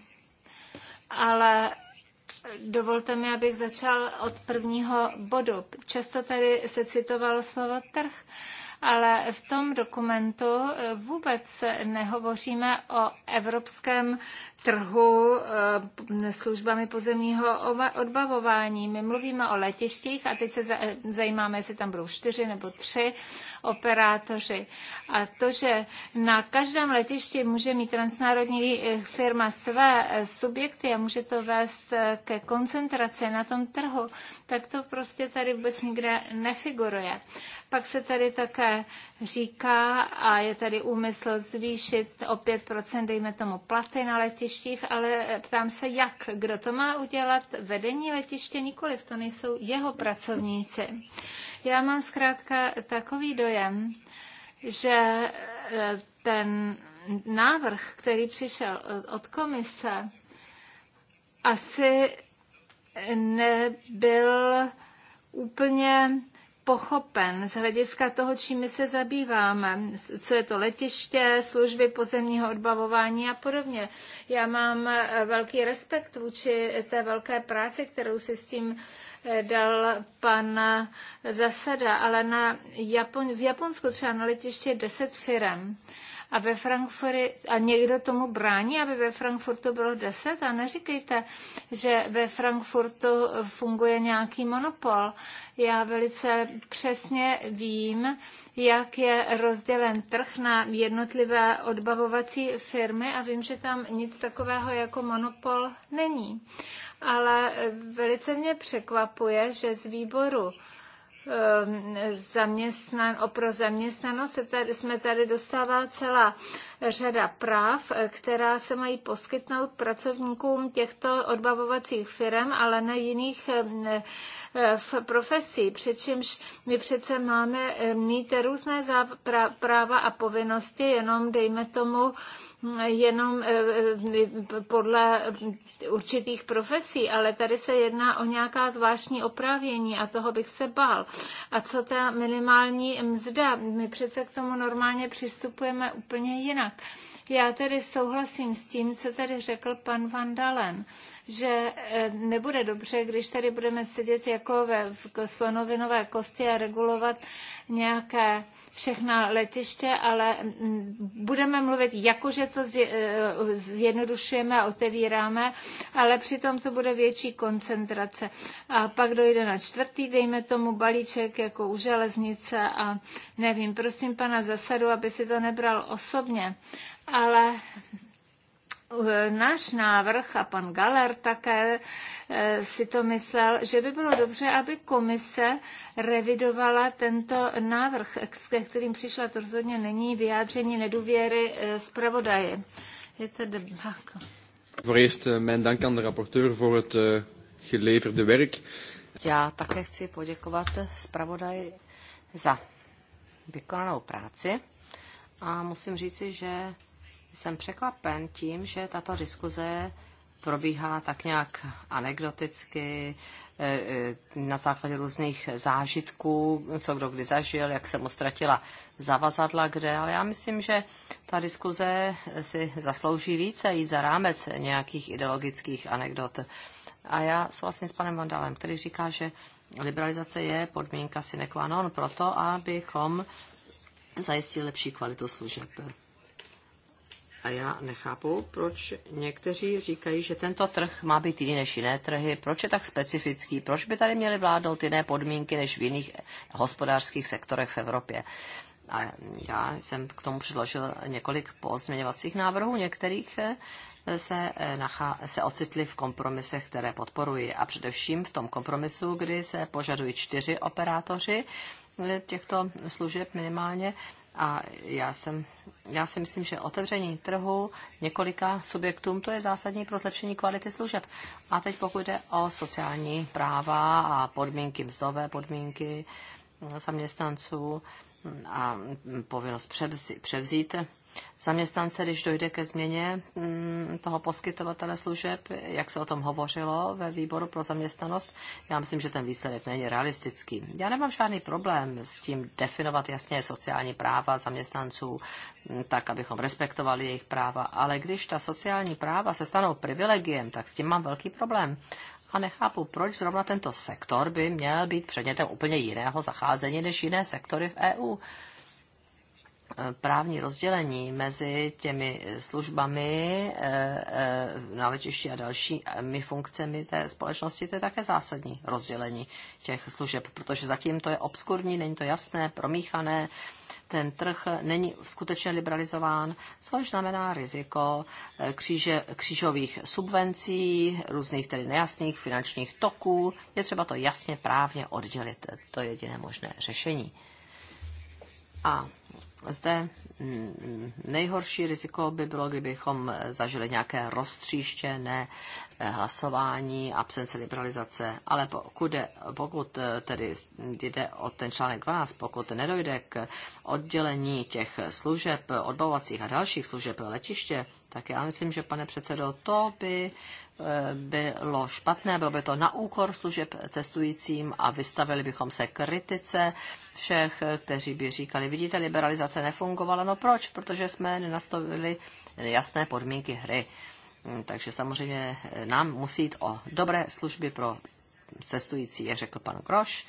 ale Dovolte mi, abych začal od prvního bodu. Často tady se citovalo slovo trh ale v tom dokumentu eh, vůbec nehovoříme o evropském trhu eh, službami pozemního odbavování. My mluvíme o letištích a teď se zajímáme, jestli tam budou čtyři nebo tři operátoři. A to, že na každém letišti může mít transnárodní eh, firma své subjekty a může to vést ke koncentraci na tom trhu, tak to prostě tady vůbec nikde nefiguruje. Pak se tady také říká, a je tady úmysl zvýšit o 5%, dejme tomu, platy na letištích, ale ptám se, jak, kdo to má udělat, vedení letiště nikoliv, to nejsou jeho pracovníci. Já mám zkrátka takový dojem, že e, ten návrh, který přišel e, od komise, asi nebyl úplně pochopen z hlediska toho, čím my se zabýváme, co je to letiště, služby pozemního odbavování a podobně. Já mám eh, velký respekt vůči té velké práci, kterou si s tím eh, dal pan eh, Zasada, ale na Japon- v Japonsku třeba na letiště je 10 firem a ve Frankfurtu, a někdo tomu brání, aby ve Frankfurtu bylo 10 a neříkejte, že ve Frankfurtu funguje nějaký monopol. Já velice přesně vím, jak je rozdělen trh na jednotlivé odbavovací firmy a vím, že tam nic takového jako monopol není. Ale velice mě překvapuje, že z výboru Ehm, zaměstnan, pro zaměstnanost tady, jsme tady dostává celá řada práv, eh, která se mají poskytnout pracovníkům těchto odbavovacích firm, ale na jiných ehm, eh, v profesí, přičemž my přece máme eh, mít různé práva a povinnosti, jenom dejme tomu jenom eh, eh, podle určitých profesí, ale tady se jedná o nějaká zvláštní oprávění a toho bych se bál. A co ta minimální mzda? My přece k tomu normálně přistupujeme úplně jinak. Já tedy souhlasím s tím, co tady řekl pan Van Dalen, že eh, nebude dobře, když tady budeme sedět jako ve v slonovinové kosti a regulovat nějaké všechna letiště, ale mm, budeme mluvit, že to eh, zjednodušujeme a otevíráme, ale přitom to bude větší koncentrace. A pak dojde na čtvrtý, dejme tomu balíček jako u železnice a nevím, prosím pana zasadu, aby si to nebral osobně, ale eh, náš návrh a pan Galer také eh, si to myslel, že by bylo dobře, aby komise revidovala tento návrh, ke kterým přišla, to rozhodně není vyjádření nedůvěry eh, zpravodaje. Je to debáko. Voor mén dank aan de rapporteur voor het geleverde werk. Já také chci poděkovat zpravodaji za vykonanou práci a musím říci, že jsem překvapen tím, že tato diskuze probíhá tak nějak anekdoticky, e, e, na základě různých zážitků, co kdo kdy zažil, jak se mu ztratila zavazadla kde, ale já myslím, že ta diskuze si zaslouží více jít za rámec nějakých ideologických anekdot. A já souhlasím s panem Vandalem, který říká, že liberalizace je podmínka sine qua non pro to, abychom zajistili lepší kvalitu služeb. A já nechápu, proč někteří říkají, že tento trh má být jiný než jiné trhy, proč je tak specifický, proč by tady měly vládnout jiné podmínky než v jiných hospodářských sektorech v Evropě. A já jsem k tomu předložil několik pozměňovacích návrhů, některých eh, se, eh, nachá, se ocitli v kompromisech, které podporuji. A především v tom kompromisu, kdy se požadují čtyři operátoři eh, těchto služeb minimálně, a já, jsem, já si myslím, že otevření trhu několika subjektům, to je zásadní pro zlepšení kvality služeb. A teď pokud jde o sociální práva a podmínky, mzdové podmínky mm, zaměstnanců mm, a mm, povinnost převzít, převzít zaměstnance, když dojde ke změně mm, toho poskytovatele služeb, jak se o tom hovořilo ve výboru pro zaměstnanost. Já myslím, že ten výsledek není realistický. Já nemám žádný problém s tím definovat jasně sociální práva zaměstnanců mm, tak, abychom respektovali jejich práva, ale když ta sociální práva se stanou privilegiem, tak s tím mám velký problém a nechápu, proč zrovna tento sektor by měl být předmětem úplně jiného zacházení než jiné sektory v EU právní rozdělení mezi těmi službami e, e, na letišti a dalšími funkcemi té společnosti, to je také zásadní rozdělení těch služeb, protože zatím to je obskurní, není to jasné, promíchané, ten trh není skutečně liberalizován, což znamená riziko e, kříže, křížových subvencí, různých tedy nejasných finančních toků. Je třeba to jasně právně oddělit. To je jediné možné řešení. A zde mm, nejhorší riziko by bylo, kdybychom zažili nějaké roztříštěné eh, hlasování, absence liberalizace, ale pokud, jde, pokud eh, tedy jde o ten článek 12, pokud nedojde k oddělení těch služeb, odbavovacích a dalších služeb letiště, tak já myslím, že pane předsedo, to by bylo špatné, bylo by to na úkor služeb cestujícím a vystavili bychom se kritice všech, kteří by říkali, vidíte, liberalizace nefungovala. No proč? Protože jsme nenastavili jasné podmínky hry. Mm, Takže samozřejmě eh, nám musí jít o dobré služby pro cestující, jak řekl pan Groš.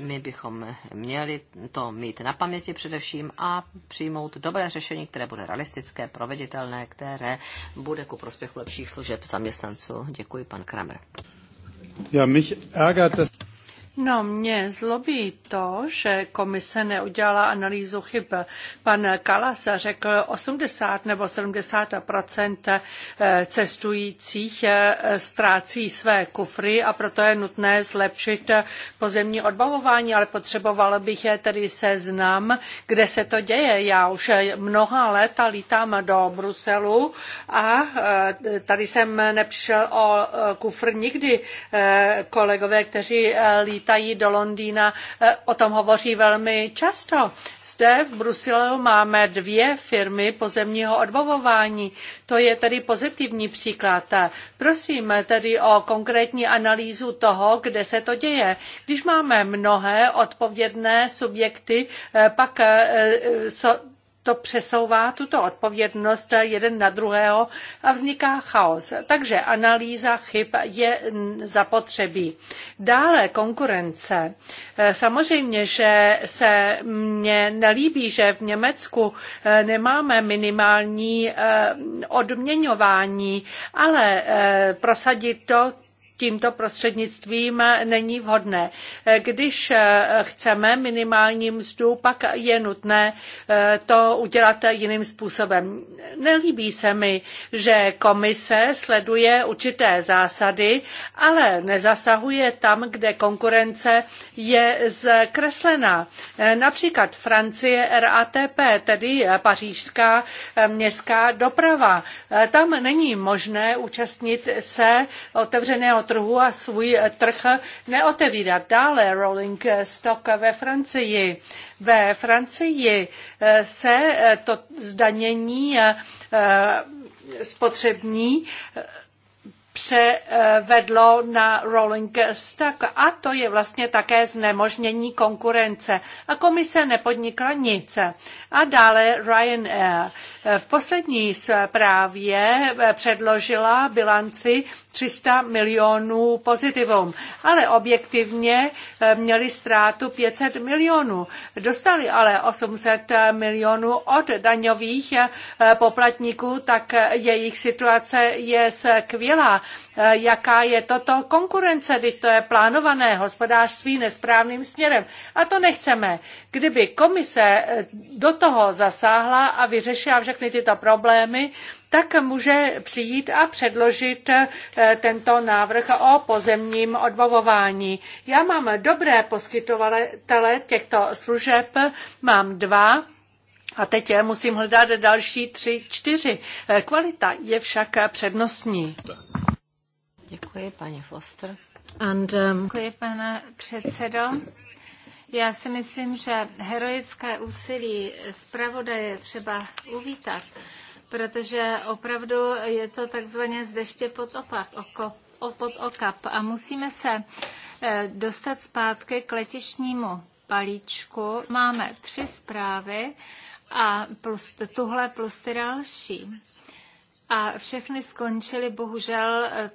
My bychom měli to mít na paměti především a přijmout dobré řešení, které bude realistické, proveditelné, které bude ku prospěchu lepších služeb zaměstnanců. Děkuji, pan Kramer. Ja, mich ärgert, dass No, mě zlobí to, že komise neudělala analýzu chyb. Pan Kalas řekl 80 nebo 70 eh, cestujících eh, ztrácí své kufry a proto je nutné zlepšit eh, pozemní odbavování, ale potřebovala bych je tedy seznam, kde se to děje. Já už mnoha léta lítám do Bruselu a tady jsem nepřišel o kufr nikdy. Kolegové, kteří lítají lítají do Londýna, e, o tom hovoří velmi často. Zde v Bruselu máme dvě firmy pozemního odbavování. To je tedy pozitivní příklad. E, prosím tedy o konkrétní analýzu toho, kde se to děje. Když máme mnohé odpovědné subjekty, e, pak to přesouvá tuto odpovědnost jeden na druhého a vzniká chaos. Takže analýza chyb je zapotřebí. Dále konkurence. Eh, samozřejmě, že se mně nelíbí, že v Německu eh, nemáme minimální eh, odměňování, ale prosadit to tímto prostřednictvím není vhodné. Když chceme minimální mzdu, pak je nutné eh, to udělat jiným způsobem. Nelíbí se mi, že komise sleduje určité zásady, ale nezasahuje tam, kde konkurence je zkreslená. Eh, například Francie RATP, tedy pařížská eh, městská doprava. Tam není možné účastnit se otevřeného trhu a svůj eh, trh neotevírat. Dále rolling eh, stock ve Francii. Ve Francii eh, se to zdanění spotřební převedlo na Rolling Stock a to je vlastně také znemožnění konkurence. A komise nepodnikla nic. A dále Ryanair. V poslední zprávě předložila bilanci 300 milionů pozitivům, ale objektivně eh, měli ztrátu 500 milionů. Dostali ale 800 eh, milionů od daňových eh, poplatníků, tak jejich situace je skvělá. Jaká je toto konkurence, když to je plánované hospodářství nesprávným směrem? A to nechceme. Kdyby komise do toho zasáhla a vyřešila všechny tyto problémy, tak může přijít a předložit eh, tento návrh o pozemním odbavování. Já mám dobré poskytovatele těchto služeb, mám dva, a teď je, eh, musím hledat další tři, čtyři. Eh, kvalita je však přednostní. Děkuji, paní Foster. And, um... Děkuji, pane předsedo. Já si myslím, že heroické úsilí zpravodaje třeba uvítat, protože opravdu je to takzvaně z deště pod, opak, oko, pod okap a musíme se eh, dostat zpátky k letišnímu balíčku. Máme tři zprávy a plus, tuhle plus ty další. A všechny skončily bohužel eh,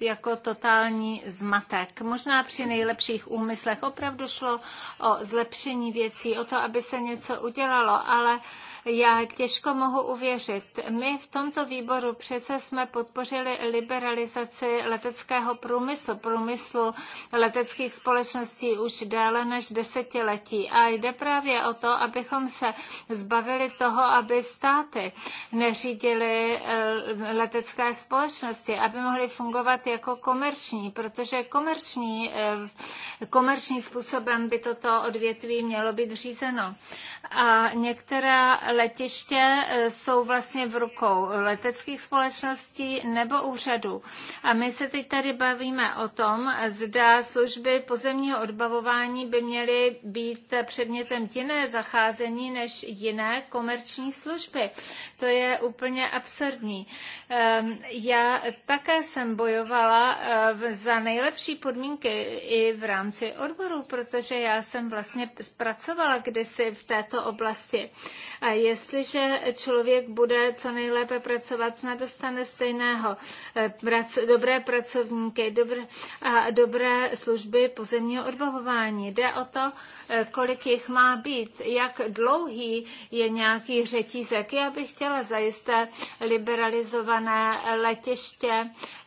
jako totální zmatek. Možná při nejlepších úmyslech opravdu šlo o zlepšení věcí, o to, aby se něco udělalo, ale já těžko mohu uvěřit. My v tomto výboru přece jsme podpořili liberalizaci leteckého průmyslu, průmyslu leteckých společností už déle než desetiletí. A jde právě o to, abychom se zbavili toho, aby státy neřídily eh, letecké společnosti, aby mohly fungovat jako komerční, protože komerční, eh, komerční způsobem by toto odvětví mělo být řízeno a některá letiště e, jsou vlastně v rukou leteckých společností nebo úřadů. A my se teď tady bavíme o tom, zda služby pozemního odbavování by měly být předmětem jiné zacházení než jiné komerční služby. To je úplně absurdní. Ehm, já také jsem bojovala e, za nejlepší podmínky i v rámci odboru, protože já jsem vlastně zpracovala kdysi v této této oblasti. A jestliže člověk bude co nejlépe pracovat, snad dostane stejného eh, dobré pracovníky dobré, a dobré služby pozemního odbavování. Jde o to, eh, kolik jich má být, jak dlouhý je nějaký řetízek. Já bych chtěla zajisté liberalizované letiště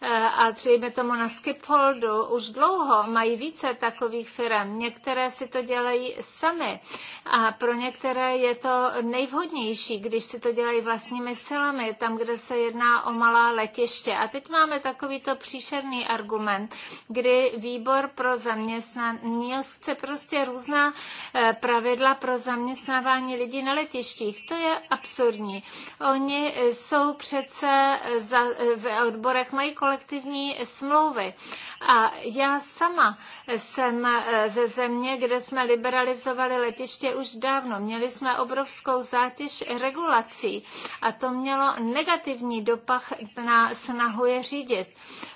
eh, a třeba tomu na Skipholdu. Už dlouho mají více takových firm. Některé si to dělají sami a pro některé které je to nejvhodnější, když si to dělají vlastními silami, tam, kde se jedná o malá letiště. A teď máme takovýto příšerný argument, kdy výbor pro zaměstnání chce prostě různá eh, pravidla pro zaměstnávání lidí na letištích. To je absurdní. Oni eh, jsou přece eh, za, v odborech, mají kolektivní smlouvy. A já sama jsem ze země, kde jsme liberalizovali letiště už dávno. Měli jsme obrovskou zátěž regulací a to mělo negativní dopad na snahu je řídit,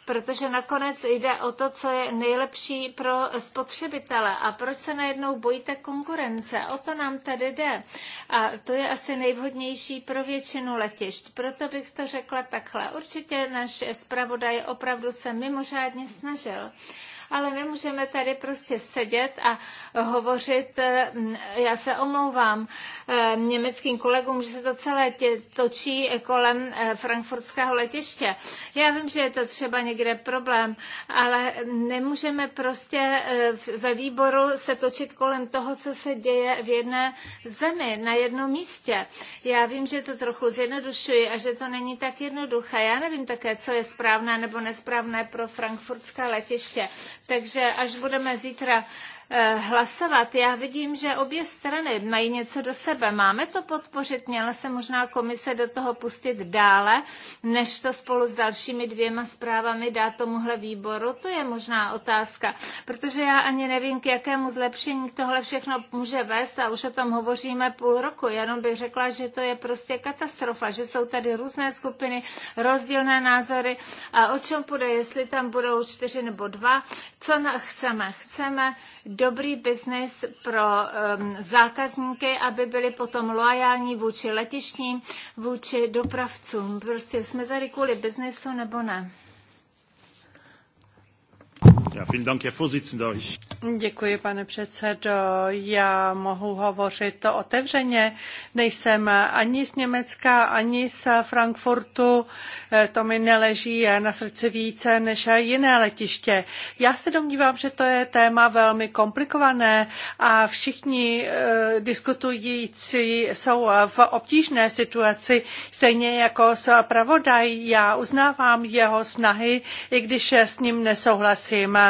protože nakonec jde o to, co je nejlepší pro spotřebitele. A proč se najednou bojíte konkurence? O to nám tady jde. A to je asi nejvhodnější pro většinu letišť. Proto bych to řekla takhle. Určitě náš zpravodaj opravdu se mimořádně snažil ale my můžeme tady prostě sedět a hovořit, eh, já se omlouvám eh, německým kolegům, že se to celé tě, točí kolem eh, frankfurtského letiště. Já vím, že je to třeba někde problém, ale nemůžeme prostě ve výboru se točit kolem toho, co se děje v jedné zemi, na jednom místě. Já vím, že to trochu zjednodušuji a že to není tak jednoduché. Já nevím také, co je správné nebo nesprávné pro frankfurtské letiště. Takže až budeme zítra Eh, hlasovat. Já vidím, že obě strany mají něco do sebe. Máme to podpořit, měla se možná komise do toho pustit dále, než to spolu s dalšími dvěma zprávami dá tomuhle výboru. To je možná otázka, protože já ani nevím, k jakému zlepšení tohle všechno může vést a už o tom hovoříme půl roku. Jenom bych řekla, že to je prostě katastrofa, že jsou tady různé skupiny, rozdílné názory a o čem půjde, jestli tam budou čtyři nebo dva, co chceme. Chceme dobrý biznis pro um, zákazníky, aby byli potom loajální vůči letištním, vůči dopravcům. Prostě jsme tady kvůli biznesu nebo ne? Děkuji, pane předsedo. Já mohu hovořit otevřeně. Nejsem ani z Německa, ani z Frankfurtu. Eh, to mi neleží na srdci více než jiné letiště. Já se domnívám, že to je téma velmi komplikované a všichni eh, diskutující jsou v obtížné situaci, stejně jako zpravodaj. Já uznávám jeho snahy, i když s ním nesouhlasím.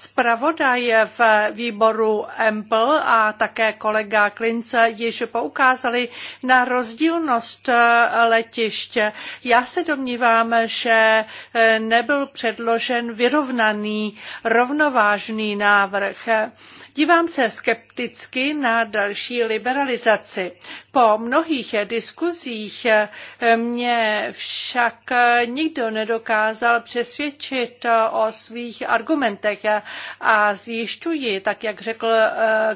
Spravodaj v výboru EMPL a také kolega Klince již poukázali na rozdílnost letiště. Já se domnívám, že nebyl předložen vyrovnaný, rovnovážný návrh. Dívám se skepticky na další liberalizaci. Po mnohých diskuzích mě však nikdo nedokázal přesvědčit o svých argumentech a zjišťuji, tak jak řekl eh,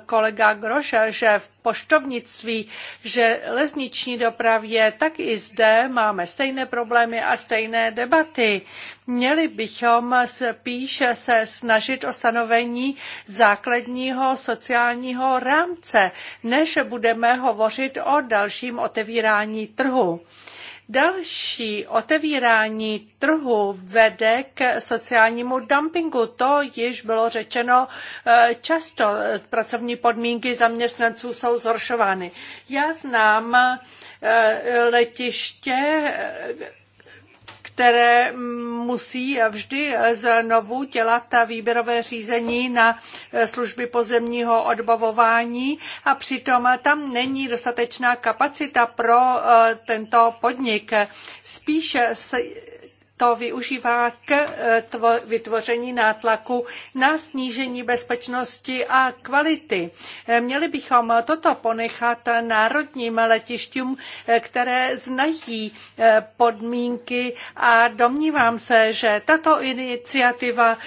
kolega Groša, že v poštovnictví, že lezniční dopravě, tak i zde máme stejné problémy a stejné debaty. Měli bychom spíše se snažit o stanovení základního sociálního rámce, než budeme hovořit o dalším otevírání trhu. Další otevírání trhu vede k sociálnímu dumpingu. To již bylo řečeno eh, často. Pracovní podmínky zaměstnanců jsou zhoršovány. Já znám eh, letiště které musí vždy znovu dělat výběrové řízení na služby pozemního odbavování a přitom tam není dostatečná kapacita pro eh, tento podnik. Spíše to využívá k e, vytvoření nátlaku na snížení bezpečnosti a kvality. E, měli bychom toto ponechat národním letištím, e, které znají podmínky a domnívám se, že tato iniciativa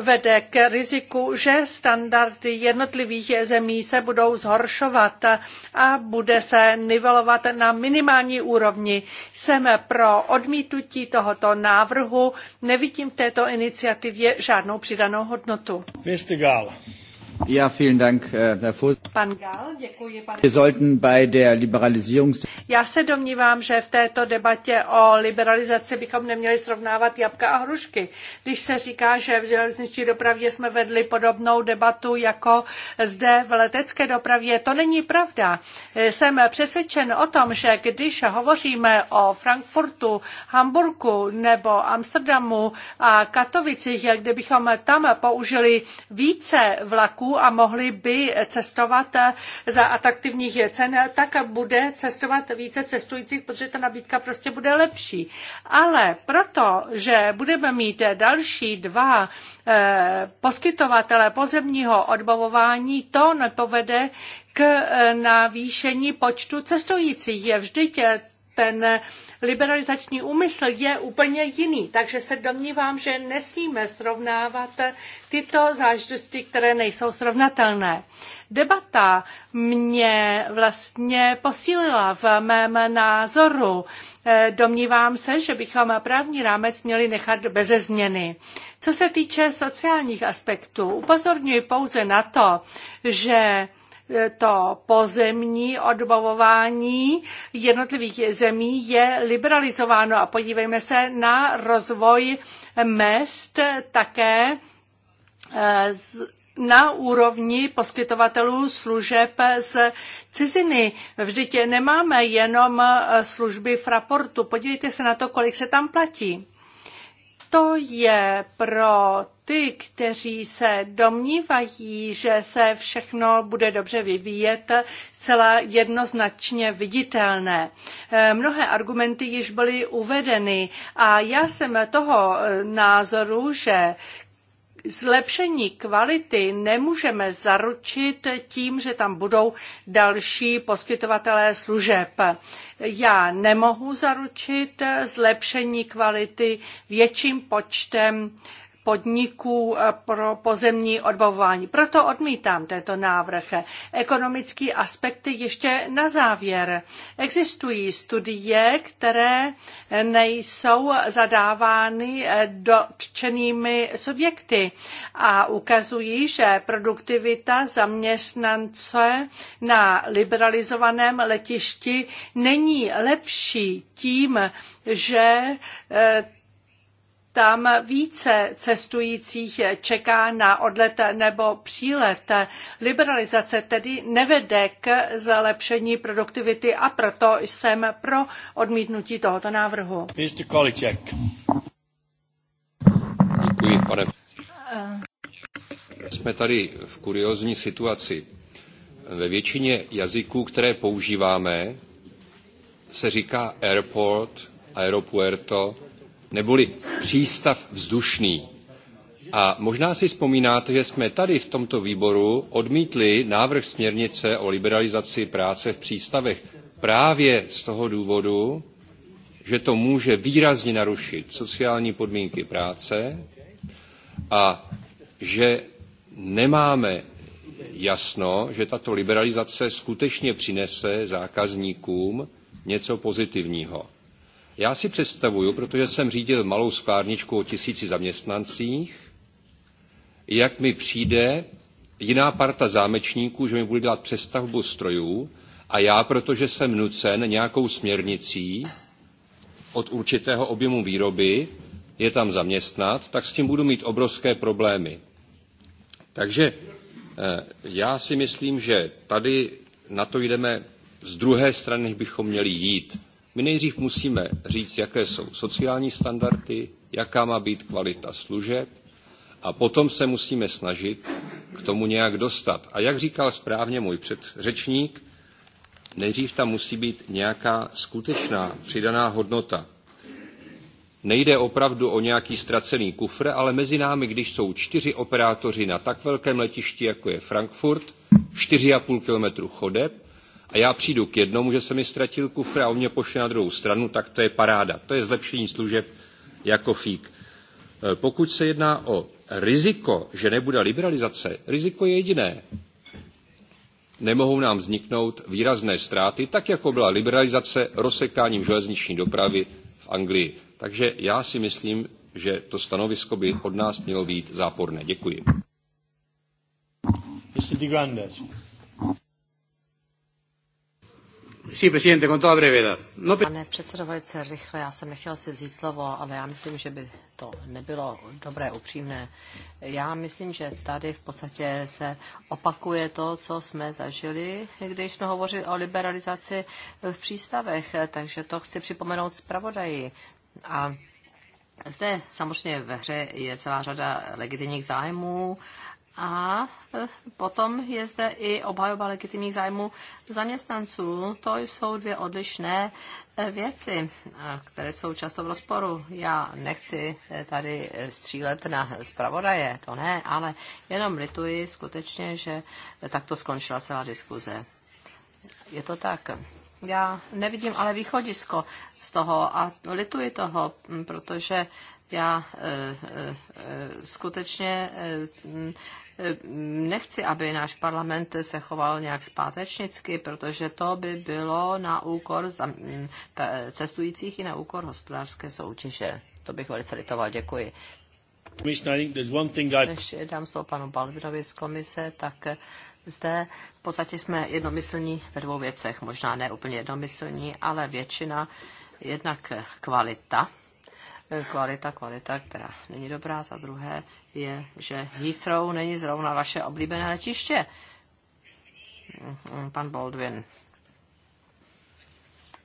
vede k riziku, že standardy jednotlivých zemí se budou zhoršovat a bude se nivelovat na minimální úrovni. Jsem pro odmítnutí tohoto návrhu nevidím v této iniciativě žádnou přidanou hodnotu. Já se domnívám, že v této debatě o liberalizaci bychom neměli srovnávat jabka a hrušky. Když se říká, že v železniční dopravě jsme vedli podobnou debatu jako zde v letecké dopravě, to není pravda. Jsem přesvědčen o tom, že když hovoříme o Frankfurtu, Hamburku nebo Amsterdamu a Katovicích, kde bychom tam použili více vlaků, roku a mohli by cestovat za atraktivních cen, tak bude cestovat více cestujících, protože ta nabídka prostě bude lepší. Ale proto, že budeme mít další dva eh, poskytovatele pozemního odbavování, to nepovede k eh, navýšení počtu cestujících. Je vždyť ten liberalizační úmysl je úplně jiný, takže se domnívám, že nesmíme srovnávat tyto zážitosti, které nejsou srovnatelné. Debata mě vlastně posílila v mém názoru. Domnívám se, že bychom právní rámec měli nechat bez změny. Co se týče sociálních aspektů, upozorňuji pouze na to, že E, to pozemní odbavování jednotlivých zemí je liberalizováno a podívejme se na rozvoj mest také e, z na úrovni poskytovatelů služeb z ciziny. Vždyť nemáme jenom e, služby Fraportu. Podívejte se na to, kolik se tam platí. To je pro ty, kteří se domnívají, že se všechno bude dobře vyvíjet, celá jednoznačně viditelné. Eh, mnohé argumenty již byly uvedeny a já jsem toho eh, názoru, že zlepšení kvality nemůžeme zaručit tím, že tam budou další poskytovatelé služeb. Já nemohu zaručit zlepšení kvality větším počtem podniků eh, pro pozemní odbavování. Proto odmítám tento návrh. Ekonomický aspekt ještě na závěr. Existují studie, které nejsou zadávány eh, dotčenými subjekty a ukazují, že produktivita zaměstnance na liberalizovaném letišti není lepší tím, že eh, tam více cestujících čeká na odlet nebo přílet. Liberalizace tedy nevede k zlepšení produktivity a proto jsem pro odmítnutí tohoto návrhu. Děkuji, pane. Jsme tady v kuriozní situaci. Ve většině jazyků, které používáme, se říká airport, aeropuerto, neboli přístav vzdušný. A možná si vzpomínáte, že jsme tady v tomto výboru odmítli návrh směrnice o liberalizaci práce v přístavech právě z toho důvodu, že to může výrazně narušit sociální podmínky práce a že nemáme jasno, že tato liberalizace skutečně přinese zákazníkům něco pozitivního. Já si představuju, protože jsem řídil malou skládničku o tisíci zaměstnancích, jak mi přijde jiná parta zámečníků, že mi bude dělat přestavbu strojů a já, protože jsem nucen nějakou směrnicí od určitého objemu výroby je tam zaměstnat, tak s tím budu mít obrovské problémy. Takže eh, já si myslím, že tady na to jdeme z druhé strany, než bychom měli jít. My nejdřív musíme říct, jaké jsou sociální standardy, jaká má být kvalita služeb a potom se musíme snažit k tomu nějak dostat. A jak říkal správně můj předřečník, nejdřív tam musí být nějaká skutečná přidaná hodnota. Nejde opravdu o nějaký ztracený kufr, ale mezi námi, když jsou čtyři operátoři na tak velkém letišti, jako je Frankfurt, 4,5 kilometru chodeb, a já přijdu k jednomu, že se mi ztratil kufr a on mě pošle na druhou stranu, tak to je paráda. To je zlepšení služeb jako fík. E, pokud se jedná o riziko, že nebude liberalizace, riziko je jediné. Nemohou nám vzniknout výrazné ztráty, tak jako byla liberalizace rozsekáním železniční dopravy v Anglii. Takže já si myslím, že to stanovisko by od nás mělo být záporné. Děkuji. Mr. Sí, presidente, con toda brevedad. No... Pane předsedo, velice rychle, já jsem nechtěl si vzít slovo, ale já myslím, že by to nebylo dobré, upřímné. Já myslím, že tady v podstatě se opakuje to, co jsme zažili, když jsme hovořili o liberalizaci v přístavech, takže to chci připomenout zpravodaji. A zde samozřejmě ve hře je celá řada legitimních zájmů, a e, potom je zde i obhajoba legitimních zájmů zaměstnanců. To jsou dvě odlišné e, věci, e, které jsou často v rozporu. Já nechci tady střílet na zpravodaje, to ne, ale jenom lituji skutečně, že takto skončila celá diskuze. Je to tak. Já nevidím ale východisko z toho a lituji toho, protože já eh, eh, eh, skutečně nechci, aby náš parlament se choval nějak zpátečnicky, protože to by bylo na úkor mm, cestujících i na úkor hospodářské soutěže. To bych velice litoval. Děkuji. Než dám slovo panu Balbirovi z komise, tak zde v podstatě jsme jednomyslní ve dvou věcech. Možná ne úplně jednomyslní, ale většina jednak kvalita kvalita, kvalita, která není dobrá. Za druhé je, že Heathrow není zrovna vaše oblíbené letiště. Mm-hmm, pan Baldwin.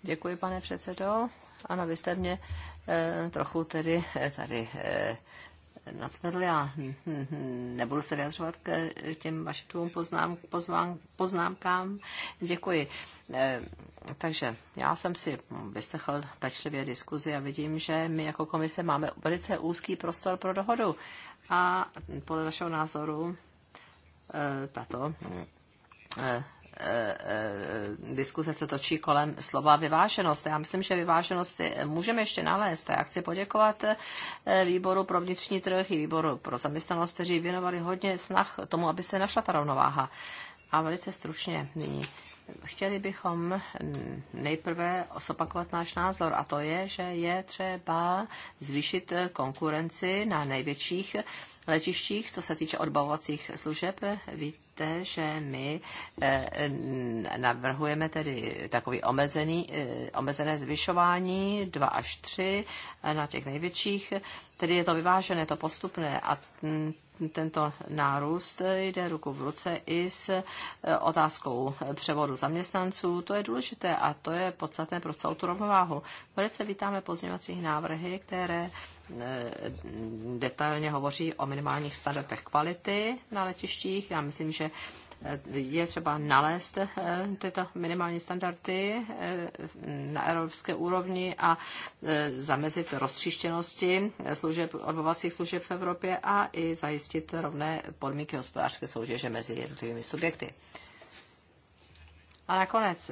Děkuji, pane předsedo. Ano, vy jste mě eh, trochu tedy eh, tady eh, nacvedl já. Nebudu se vyjadřovat k těm vašim poznám, poznám, poznámkám. Děkuji. Eh, takže já jsem si vyslechl pečlivě diskuzi a vidím, že my jako komise máme velice úzký prostor pro dohodu. A podle našeho názoru eh, tato eh, Eh, eh, diskuse se točí kolem slova vyváženost. Já myslím, že vyváženost můžeme ještě nalézt. já chci poděkovat eh, výboru pro vnitřní trh i výboru pro zaměstnanost, kteří věnovali hodně snah tomu, aby se našla ta rovnováha. A velice stručně nyní. Chtěli bychom nejprve osopakovat náš názor a to je, že je třeba zvýšit konkurenci na největších letištích. Co se týče odbavovacích služeb, víte, že my eh, eh, navrhujeme tedy takový omezený, eh, omezené zvyšování 2 až 3 na těch největších. Tedy je to vyvážené, to postupné a mm, tento nárůst jde ruku v ruce i s otázkou převodu zaměstnanců. To je důležité a to je podstatné pro celou tu rovnováhu. Velice vítáme pozměňovací návrhy, které Eh, detailně hovoří o minimálních standardech kvality na letištích. Já myslím, že eh, je třeba nalézt eh, tyto minimální standardy na evropské úrovni a zamezit roztříštěnosti služeb, odbovacích služeb v Evropě a i zajistit rovné podmínky hospodářské soutěže mezi jednotlivými subjekty. A nakonec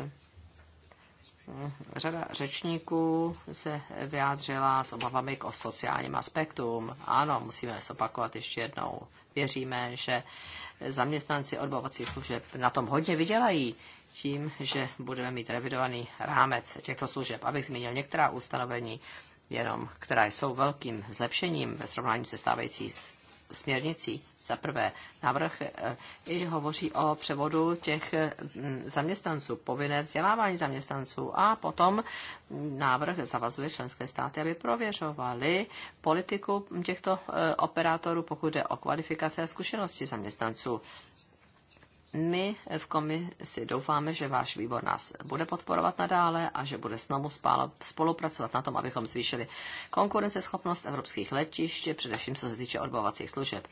Řada řečníků se vyjádřila s obavami k sociálním aspektům. Ano, musíme se opakovat ještě jednou. Věříme, že zaměstnanci odbavacích služeb na tom hodně vydělají tím, že budeme mít revidovaný rámec těchto služeb. Abych zmínil některá ustanovení, jenom, která jsou velkým zlepšením ve srovnání se stávající směrnicí. Za prvé, návrh eh, i hovoří o převodu těch mm, zaměstnanců, povinné vzdělávání zaměstnanců a potom mm, návrh zavazuje členské státy, aby prověřovali politiku těchto eh, operátorů, pokud jde o kvalifikace a zkušenosti zaměstnanců my v komisi doufáme, že váš výbor nás bude podporovat nadále a že bude s námi spolupracovat na tom, abychom zvýšili konkurenceschopnost evropských letišť, především co se týče odbavovacích služeb.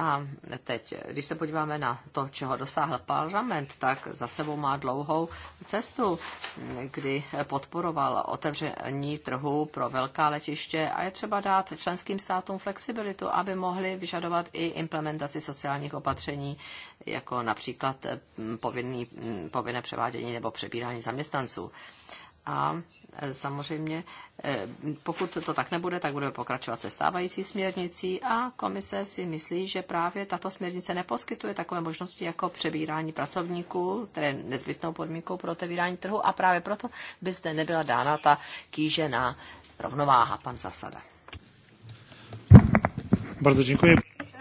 A teď, když se podíváme na to, čeho dosáhl parlament, tak za sebou má dlouhou cestu, kdy podporoval otevření trhu pro velká letiště a je třeba dát členským státům flexibilitu, aby mohli vyžadovat i implementaci sociálních opatření, jako například povinný, povinné převádění nebo přebírání zaměstnanců a e, samozřejmě, e, pokud to tak nebude, tak budeme pokračovat se stávající směrnicí a komise si myslí, že právě tato směrnice neposkytuje takové možnosti jako přebírání pracovníků, které je nezbytnou podmínkou pro otevírání trhu a právě proto by zde nebyla dána ta kýžená rovnováha. Pan Zasada. Bardzo děkuji.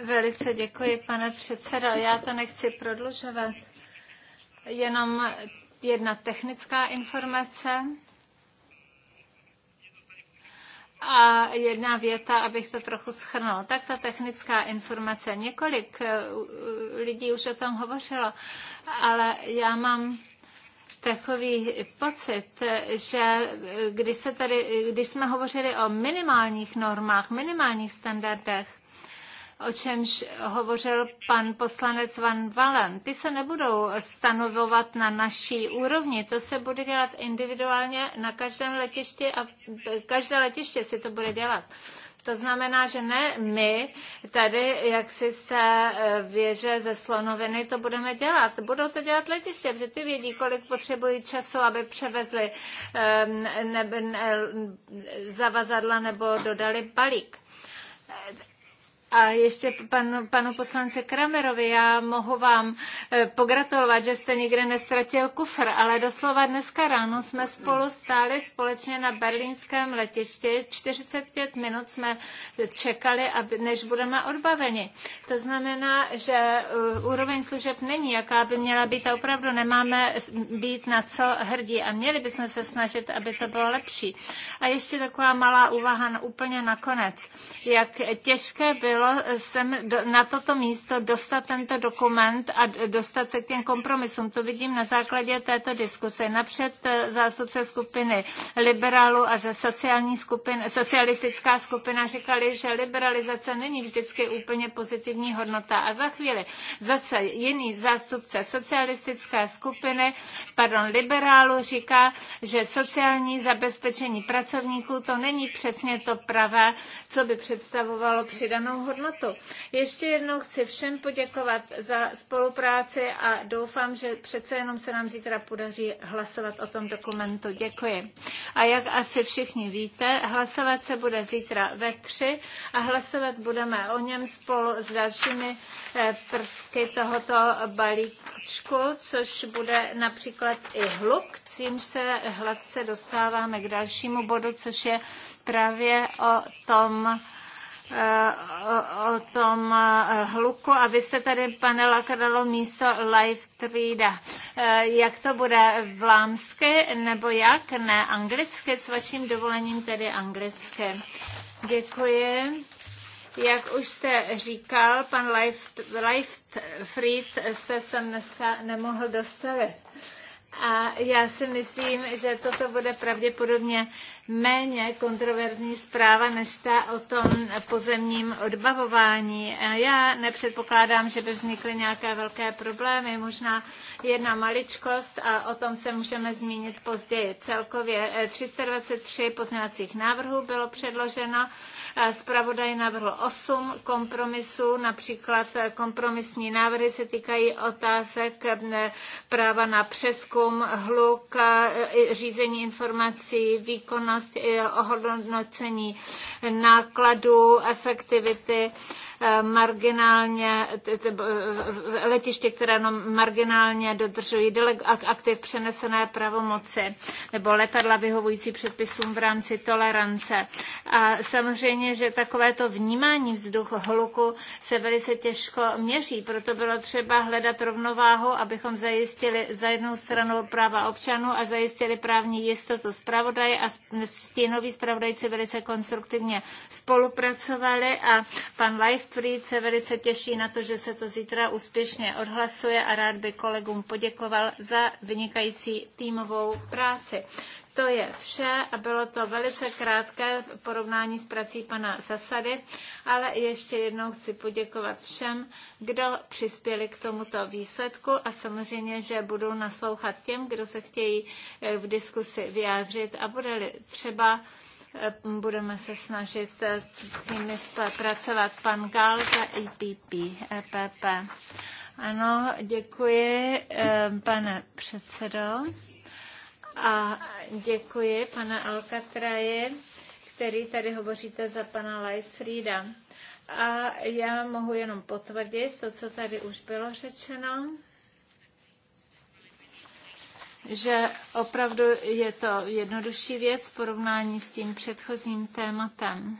Velice děkuji, pane předsedo. Já to nechci prodlužovat. Jenom jedna technická informace a jedna věta, abych to trochu schrnula. Tak ta technická informace. Několik eh, lidí už o tom hovořilo, ale já mám takový pocit, že eh, když, se tady, když jsme hovořili o minimálních normách, minimálních standardech, o čemž hovořil pan poslanec Van Valen. Ty se nebudou stanovovat na naší úrovni, to se bude dělat individuálně na každém letišti a každé letiště si to bude dělat. To znamená, že ne my tady, jak si z té eh, věže ze slonoviny to budeme dělat. Budou to dělat letiště, protože ty vědí, kolik potřebují času, aby převezli eh, ne, ne, zavazadla nebo dodali balík. A ještě panu, panu poslance Kramerovi, já mohu vám eh, pogratulovat, že jste nikde nestratil kufr, ale doslova dneska ráno jsme spolu stáli společně na berlínském letišti. 45 minut jsme čekali, aby, než budeme odbaveni. To znamená, že eh, úroveň služeb není, jaká by měla být a opravdu nemáme být na co hrdí a měli bychom se snažit, aby to bylo lepší. A ještě taková malá úvaha na, úplně nakonec. Jak těžké bylo bylo sem do, na toto místo dostat tento dokument a dostat se k těm kompromisům. To vidím na základě této diskuse. Napřed eh, zástupce skupiny liberálů a ze sociální skupin, socialistická skupina říkali, že liberalizace není vždycky úplně pozitivní hodnota. A za chvíli zase jiný zástupce socialistické skupiny, pardon, liberálu říká, že sociální zabezpečení pracovníků to není přesně to pravé, co by představovalo přidanou hodnotu. Ještě jednou chci všem poděkovat za spolupráci a doufám, že přece jenom se nám zítra podaří hlasovat o tom dokumentu. Děkuji. A jak asi všichni víte, hlasovat se bude zítra ve tři a hlasovat budeme o něm spolu s dalšími eh, prvky tohoto balíčku, což bude například i hluk, čímž se hladce dostáváme k dalšímu bodu, což je právě o tom, Eh, o, o tom eh, hluku a vy jste tady, pane Lakadalo, místo live treada. Eh, jak to bude vlámsky nebo jak? Ne, anglicky, s vaším dovolením tedy anglicky. Děkuji. Jak už jste říkal, pan Life, Fried se sem dneska nemohl dostavit. A já si myslím, že toto bude pravděpodobně méně kontroverzní zpráva než ta o tom pozemním odbavování. Já nepředpokládám, že by vznikly nějaké velké problémy, možná jedna maličkost a o tom se můžeme zmínit později. Celkově 323 eh, poznávacích návrhů bylo předloženo. Spravodaj eh, navrhl 8 kompromisů, například eh, kompromisní návrhy se týkají otázek práva na přeskum, hluk, řízení informací, výkonnost, ohodnocení nákladů, efektivity Eh, marginálně, eh, letiště, které no, marginálně dodržují aktiv přenesené pravomoci nebo letadla vyhovující předpisům v rámci tolerance. A samozřejmě, že takovéto vnímání vzduchu hluku se velice těžko měří, proto bylo třeba hledat rovnováhu, abychom zajistili za jednou stranu práva občanů a zajistili právní jistotu zpravodaje a stínoví zpravodajci velice konstruktivně spolupracovali a pan Life Leichtfried velice těší na to, že se to zítra úspěšně odhlasuje a rád by kolegům poděkoval za vynikající týmovou práci. To je vše a bylo to velice krátké porovnání s prací pana Zasady, ale ještě jednou chci poděkovat všem, kdo přispěli k tomuto výsledku a samozřejmě, že budu naslouchat těm, kdo se chtějí eh, v diskusi vyjádřit a bude-li třeba budeme se snažit eh, s nimi pracovat. Pan Gál za EPP. EPP. Ano, děkuji, eh, pane předsedo. A děkuji, pane Alcatraje, který tady hovoříte za pana Leifrida. A já mohu jenom potvrdit to, co tady už bylo řečeno že opravdu je to jednodušší věc v porovnání s tím předchozím tématem.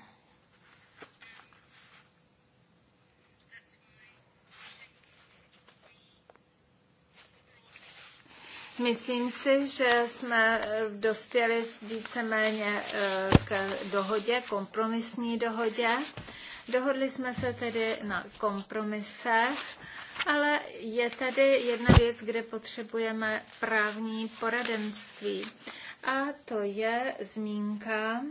Myslím si, že jsme eh, dospěli víceméně eh, k dohodě, kompromisní dohodě Dohodli jsme se tedy na kompromisech, ale je tady jedna věc, kde potřebujeme právní poradenství. A to je zmínka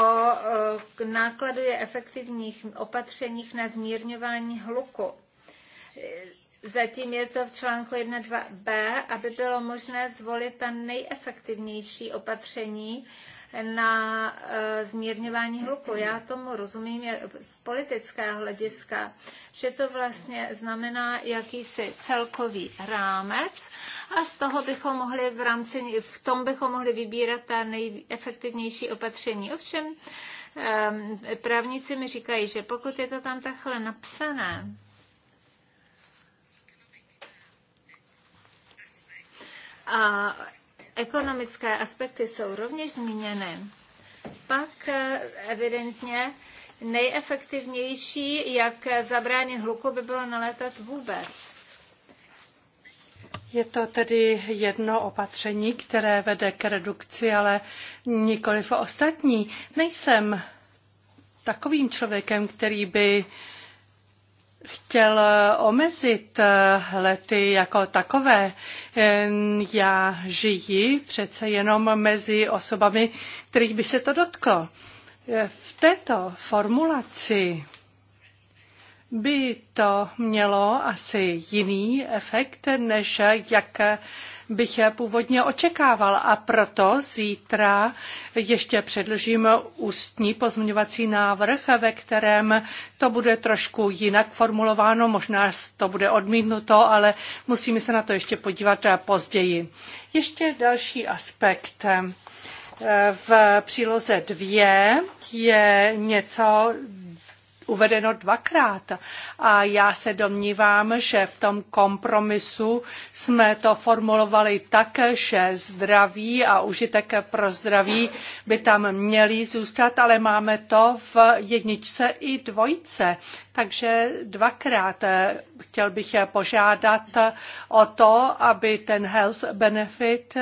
o nákladu je efektivních opatřeních na zmírňování hluku. Zatím je to v článku 1.2b, aby bylo možné zvolit ta nejefektivnější opatření na e, zmírňování hluku. Já tomu rozumím z politického hlediska, že to vlastně znamená jakýsi celkový rámec a z toho bychom mohli v rámci, v tom bychom mohli vybírat ta nejefektivnější opatření. Ovšem, e, právníci mi říkají, že pokud je to tam takhle napsané, a ekonomické aspekty jsou rovněž zmíněny, pak eh, evidentně nejefektivnější, jak zabránit hluku, by bylo nalétat vůbec. Je to tedy jedno opatření, které vede k redukci, ale nikoli v ostatní. Nejsem takovým člověkem, který by uh, chtěl eh, omezit eh, lety jako takové. Ehm, já žiji přece jenom mezi osobami, kterých by se to dotklo. Eh, v této formulaci by to mělo asi jiný efekt, než jak bych původně očekával a proto zítra ještě předložím ústní pozměňovací návrh, ve kterém to bude trošku jinak formulováno, možná to bude odmítnuto, ale musíme se na to ještě podívat později. Ještě další aspekt. V příloze 2 je něco uvedeno dvakrát. A já se domnívám, že v tom kompromisu jsme to formulovali tak, že zdraví a užitek pro zdraví by tam měly zůstat, ale máme to v jedničce i dvojce. Takže dvakrát eh, chtěl bych požádat o to, aby ten health benefit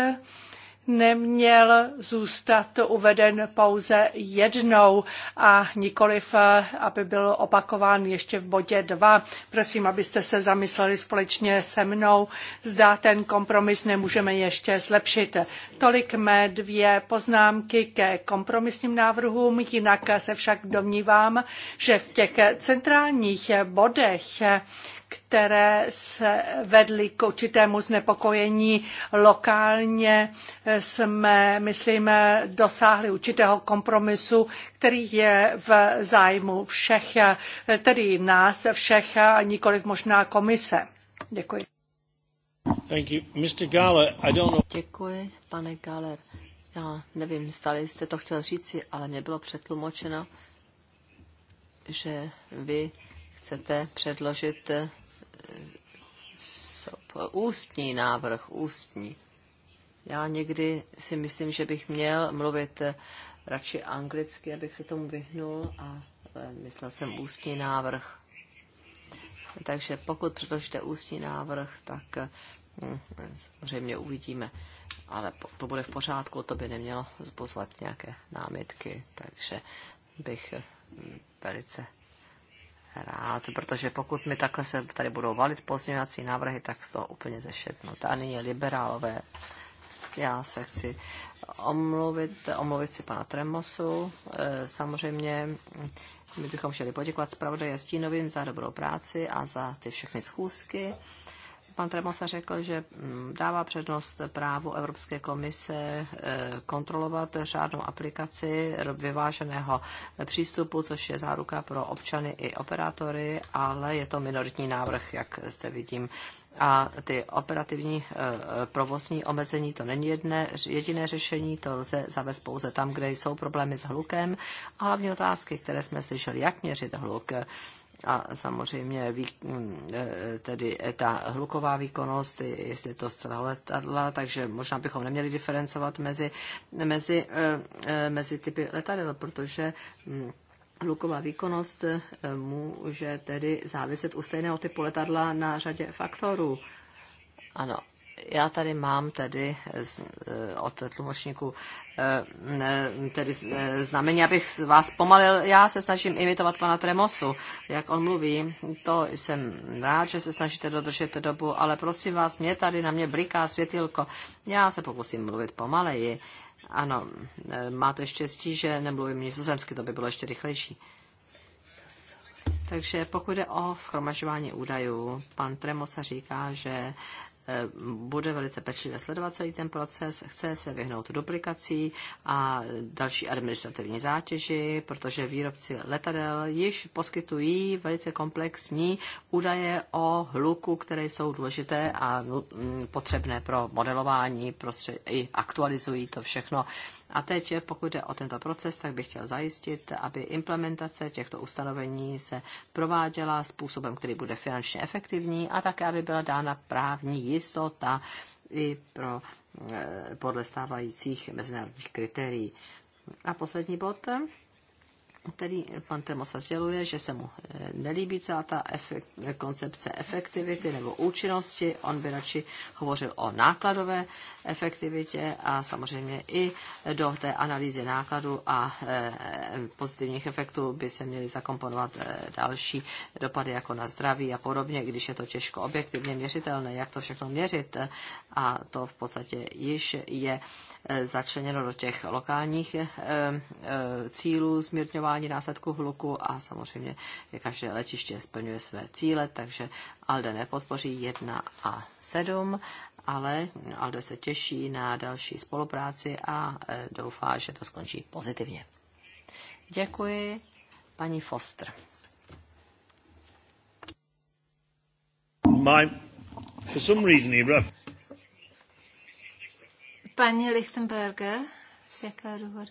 neměl zůstat uveden pouze jednou a nikoliv, eh, aby byl opakován ještě v bodě 2. Prosím, abyste se zamysleli společně se mnou, zda ten kompromis nemůžeme ještě zlepšit. Tolik mé dvě poznámky ke kompromisním návrhům, jinak se však domnívám, že v těch centrálních bodech které se vedly k určitému znepokojení lokálně, jsme, myslím, dosáhli určitého kompromisu, který je v zájmu všech, tedy nás všech a nikoliv možná komise. Děkuji. Thank you. Mr. Galler, I don't know... Děkuji, pane Galler. Já nevím, stali jste to chtěl říci, ale mě bylo přetlumočeno, že vy chcete předložit Eh, ústní návrh, ústní. Já někdy si myslím, že bych měl mluvit eh, radši anglicky, abych se tomu vyhnul a eh, myslel jsem ústní návrh. Takže pokud předložíte ústní návrh, tak hm, samozřejmě uvidíme. Ale to bude v pořádku, to by nemělo zpozvat nějaké námitky, takže bych velice rád, protože pokud mi takhle se tady budou valit pozměňovací návrhy, tak z toho úplně zešetnu. A nyní liberálové. Já se chci omluvit, omluvit si pana Tremosu. E, samozřejmě my bychom chtěli poděkovat zpravodaje Stínovým za dobrou práci a za ty všechny schůzky pan Tremosa řekl, že mm, dává přednost právu Evropské komise eh, kontrolovat řádnou aplikaci vyváženého přístupu, což je záruka pro občany i operátory, ale je to minoritní návrh, jak zde vidím a ty operativní eh, provozní omezení to není jedné, jediné řešení, to lze zavést pouze tam, kde jsou problémy s hlukem a hlavní otázky, které jsme slyšeli, jak měřit hluk, a samozřejmě mm, e, tedy ta hluková výkonnost, jestli to zcela letadla, takže možná bychom neměli diferencovat mezi, mezi, e, e, mezi typy letadel, protože mm, Hluková výkonnost může tedy záviset u stejného typu letadla na řadě faktorů. Ano, já tady mám tedy eh, od tlumočníku eh, tedy eh, znamení, abych vás pomalil. Já se snažím imitovat pana Tremosu, jak on mluví. To jsem rád, že se snažíte dodržet dobu, ale prosím vás, mě tady na mě bliká světilko. Já se pokusím mluvit pomaleji. Ano, máte štěstí, že nemluvím nizozemsky, to by bylo ještě rychlejší. Takže pokud jde o schromažování údajů, pan Tremosa říká, že bude velice pečlivě sledovat celý ten proces, chce se vyhnout duplikací a další administrativní zátěži, protože výrobci letadel již poskytují velice komplexní údaje o hluku, které jsou důležité a potřebné pro modelování, prostřed, i aktualizují to všechno a teď, pokud jde o tento proces, tak bych chtěl zajistit, aby implementace těchto ustanovení se prováděla způsobem, který bude finančně efektivní a také, aby byla dána právní jistota i pro eh, podle stávajících mezinárodních kritérií. A poslední bod, Tedy pan Termosa sděluje, že se mu eh, nelíbí celá ta efekt, koncepce efektivity nebo účinnosti. On by radši hovořil o nákladové efektivitě a samozřejmě i do té analýzy nákladu a eh, pozitivních efektů by se měly zakomponovat eh, další dopady jako na zdraví a podobně, když je to těžko objektivně měřitelné, jak to všechno měřit. A to v podstatě již je Eh, začleněno do těch lokálních eh, eh, cílů zmírňování následků hluku a samozřejmě každé letiště splňuje své cíle, takže ALDE nepodpoří 1 a 7 ale no, Alde se těší na další spolupráci a doufá, že to skončí pozitivně. Děkuji, paní Foster. My, for some reason, he Paní Lichtenberger, z jakého důvodu?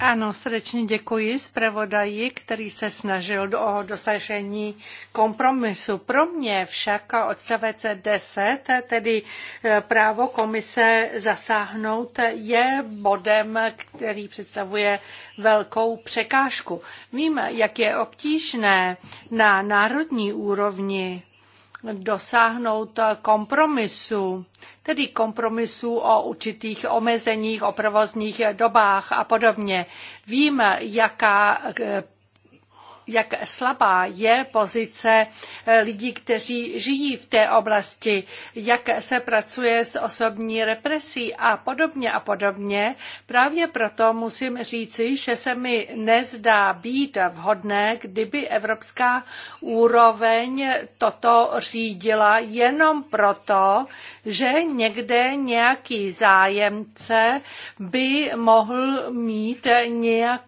Ano, srdečně děkuji zpravodaji, který se snažil o dosažení kompromisu. Pro mě však odstavec 10, tedy eh, právo komise zasáhnout, je bodem, který představuje velkou překážku. Vím, jak je obtížné na národní úrovni dosáhnout kompromisu, tedy kompromisu o určitých omezeních, o provozních dobách a podobně. Vím, jaká jak slabá je pozice eh, lidí, kteří žijí v té oblasti, jak se pracuje s osobní represí a podobně a podobně. Právě proto musím říci, že se mi nezdá být vhodné, kdyby evropská úroveň toto řídila jenom proto, že někde nějaký zájemce by mohl mít nějak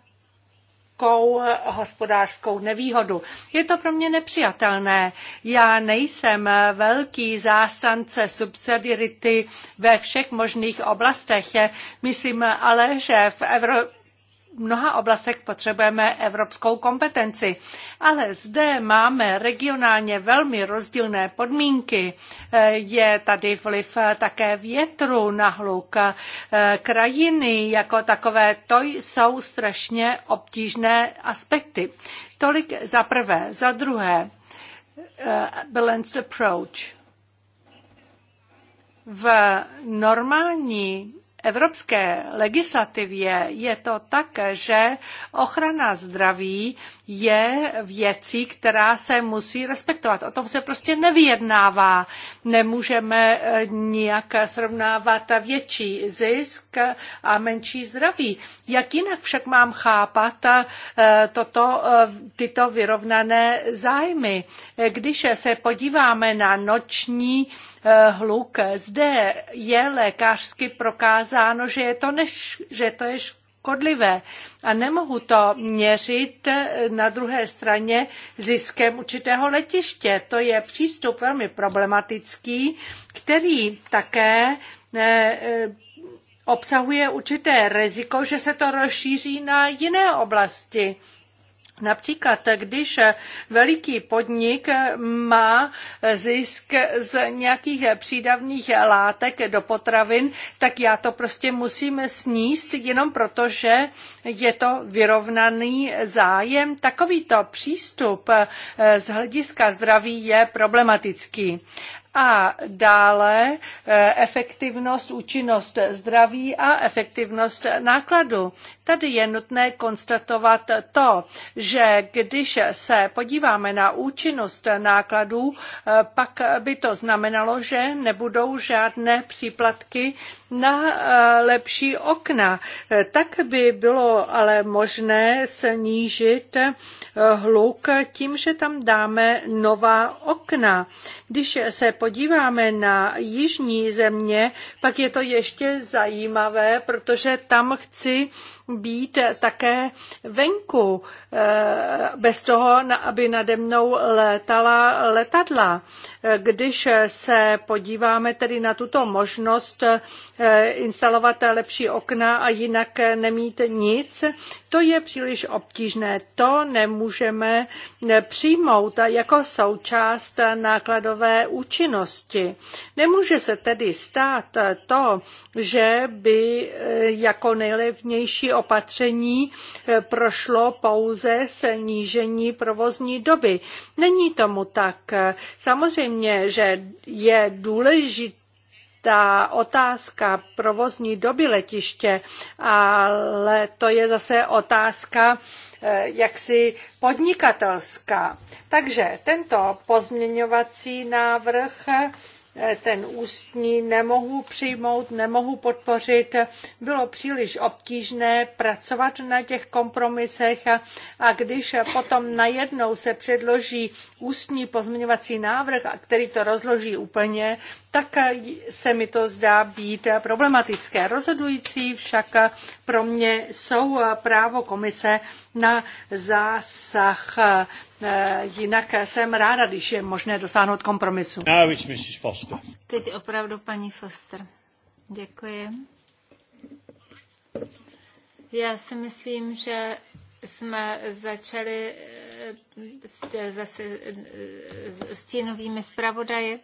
velkou eh, hospodářskou nevýhodu. Je to pro mě nepřijatelné. Já nejsem eh, velký zásance subsidiarity ve všech možných oblastech. Myslím ale, že v Evropě mnoha oblastech potřebujeme evropskou kompetenci. Ale zde máme regionálně velmi rozdílné podmínky. Eh, je tady vliv eh, také větru na hluk. Eh, krajiny jako takové, to jsou strašně obtížné aspekty. Tolik za prvé. Za druhé, balanced approach. V normální evropské legislativě je to tak, že ochrana zdraví je věcí, která se musí respektovat. O tom se prostě nevyjednává. Nemůžeme eh, nijak srovnávat větší zisk a menší zdraví. Jak jinak však mám chápat eh, toto, eh, tyto vyrovnané zájmy? Když se podíváme na noční Eh, hluk. Zde je lékařsky prokázáno, že, je to, že to je škodlivé. A nemohu to měřit eh, na druhé straně ziskem určitého letiště. To je přístup velmi problematický, který také eh, obsahuje určité riziko, že se to rozšíří na jiné oblasti. Například, když veliký podnik má zisk z nějakých přídavných látek do potravin, tak já to prostě musím sníst jenom proto, že je to vyrovnaný zájem. Takovýto přístup eh, z hlediska zdraví je problematický a dále eh, efektivnost, účinnost zdraví a efektivnost nákladu. Tady je nutné konstatovat to, že když se podíváme na účinnost nákladů, pak by to znamenalo, že nebudou žádné příplatky na eh, lepší okna. Tak by bylo ale možné snížit eh, hluk tím, že tam dáme nová okna. Když se podíváme na jižní země, pak je to ještě zajímavé, protože tam chci být také venku. Eh, bez toho, aby nade mnou letala letadla. Eh, když se podíváme tedy na tuto možnost eh, instalovat lepší okna a jinak nemít nic, to je příliš obtížné. To nemůžeme přijmout jako součást nákladové účinnosti. Nemůže se tedy stát to, že by jako nejlevnější opatření prošlo pouze pouze snížení provozní doby. Není tomu tak. Samozřejmě, že je důležité, ta otázka provozní doby letiště, ale to je zase otázka eh, jaksi podnikatelská. Takže tento pozměňovací návrh Eh, ten ústní nemohu přijmout, nemohu podpořit. Bylo příliš obtížné pracovat na těch kompromisech a když potom najednou se předloží ústní pozměňovací návrh, který to rozloží úplně, tak se mi to zdá být problematické. Rozhodující však pro mě jsou právo komise na zásah Eh, jinak jsem ráda, když je možné dosáhnout kompromisu. Now it's Mrs. Foster. Teď opravdu paní Foster. Děkuji. Já si myslím, že jsme začali eh, s, zase eh, stínovými zpravodaji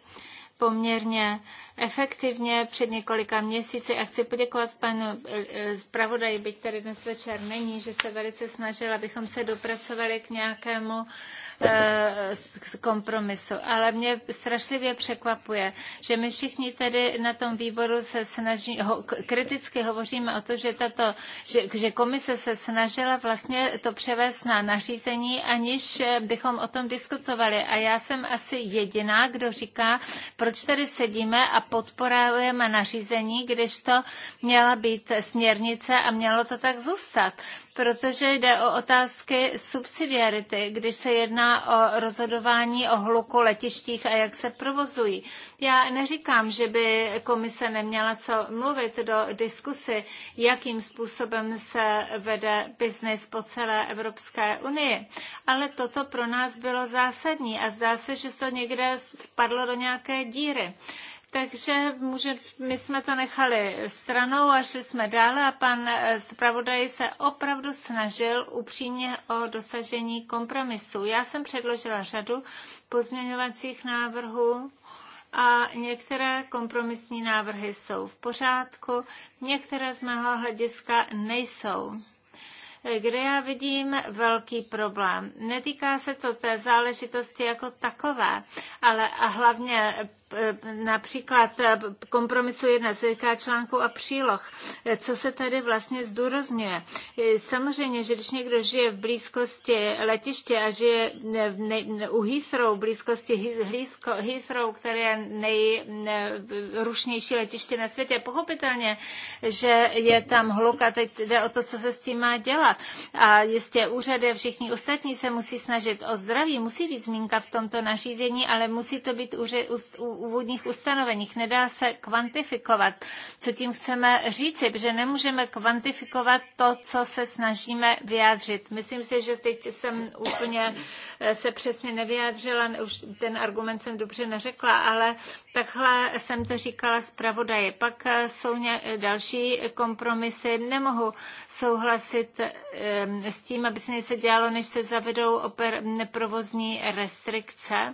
poměrně efektivně před několika měsíci a chci poděkovat panu eh, eh, zpravodaji, byť tady dnes večer není, že se velice snažil, abychom se dopracovali k nějakému eh, kompromisu. Ale mě strašlivě překvapuje, že my všichni tady na tom výboru se snaží, ho, kriticky hovoříme o to, že, tato, že, že komise se snažila vlastně to převést na nařízení, aniž bychom o tom diskutovali. A já jsem asi jediná, kdo říká, proč tady sedíme a podporujeme nařízení, když to měla být směrnice a mělo to tak zůstat protože jde o otázky subsidiarity, když se jedná o rozhodování o hluku letištích a jak se provozují. Já neříkám, že by komise neměla co mluvit do diskusy, jakým způsobem se vede biznis po celé Evropské unii, ale toto pro nás bylo zásadní a zdá se, že to někde spadlo do nějaké díry. Takže může, my jsme to nechali stranou a šli jsme dále a pan eh, zpravodaj se opravdu snažil upřímně o dosažení kompromisu. Já jsem předložila řadu pozměňovacích návrhů a některé kompromisní návrhy jsou v pořádku, některé z mého hlediska nejsou kde já vidím velký problém. Netýká se to té záležitosti jako takové, ale a hlavně například kompromisu jedna se týká článku a příloh. Co se tady vlastně zdůrazňuje? Samozřejmě, že když někdo žije v blízkosti letiště a žije u Heathrow, blízkosti Heathrow, které je nejrušnější letiště na světě, pochopitelně, že je tam hluk a teď jde o to, co se s tím má dělat. A jistě úřady a všichni ostatní se musí snažit o zdraví, musí být zmínka v tomto nařízení, ale musí to být úře, úvodních ustanoveních. Nedá se kvantifikovat, co tím chceme říci, protože nemůžeme kvantifikovat to, co se snažíme vyjádřit. Myslím si, že teď jsem úplně eh, se přesně nevyjádřila, už ten argument jsem dobře neřekla, ale takhle jsem to říkala zpravodaji. Pak eh, jsou eh, další kompromisy. Nemohu souhlasit s tím, aby se něco dělalo, než se zavedou oper- neprovozní restrikce.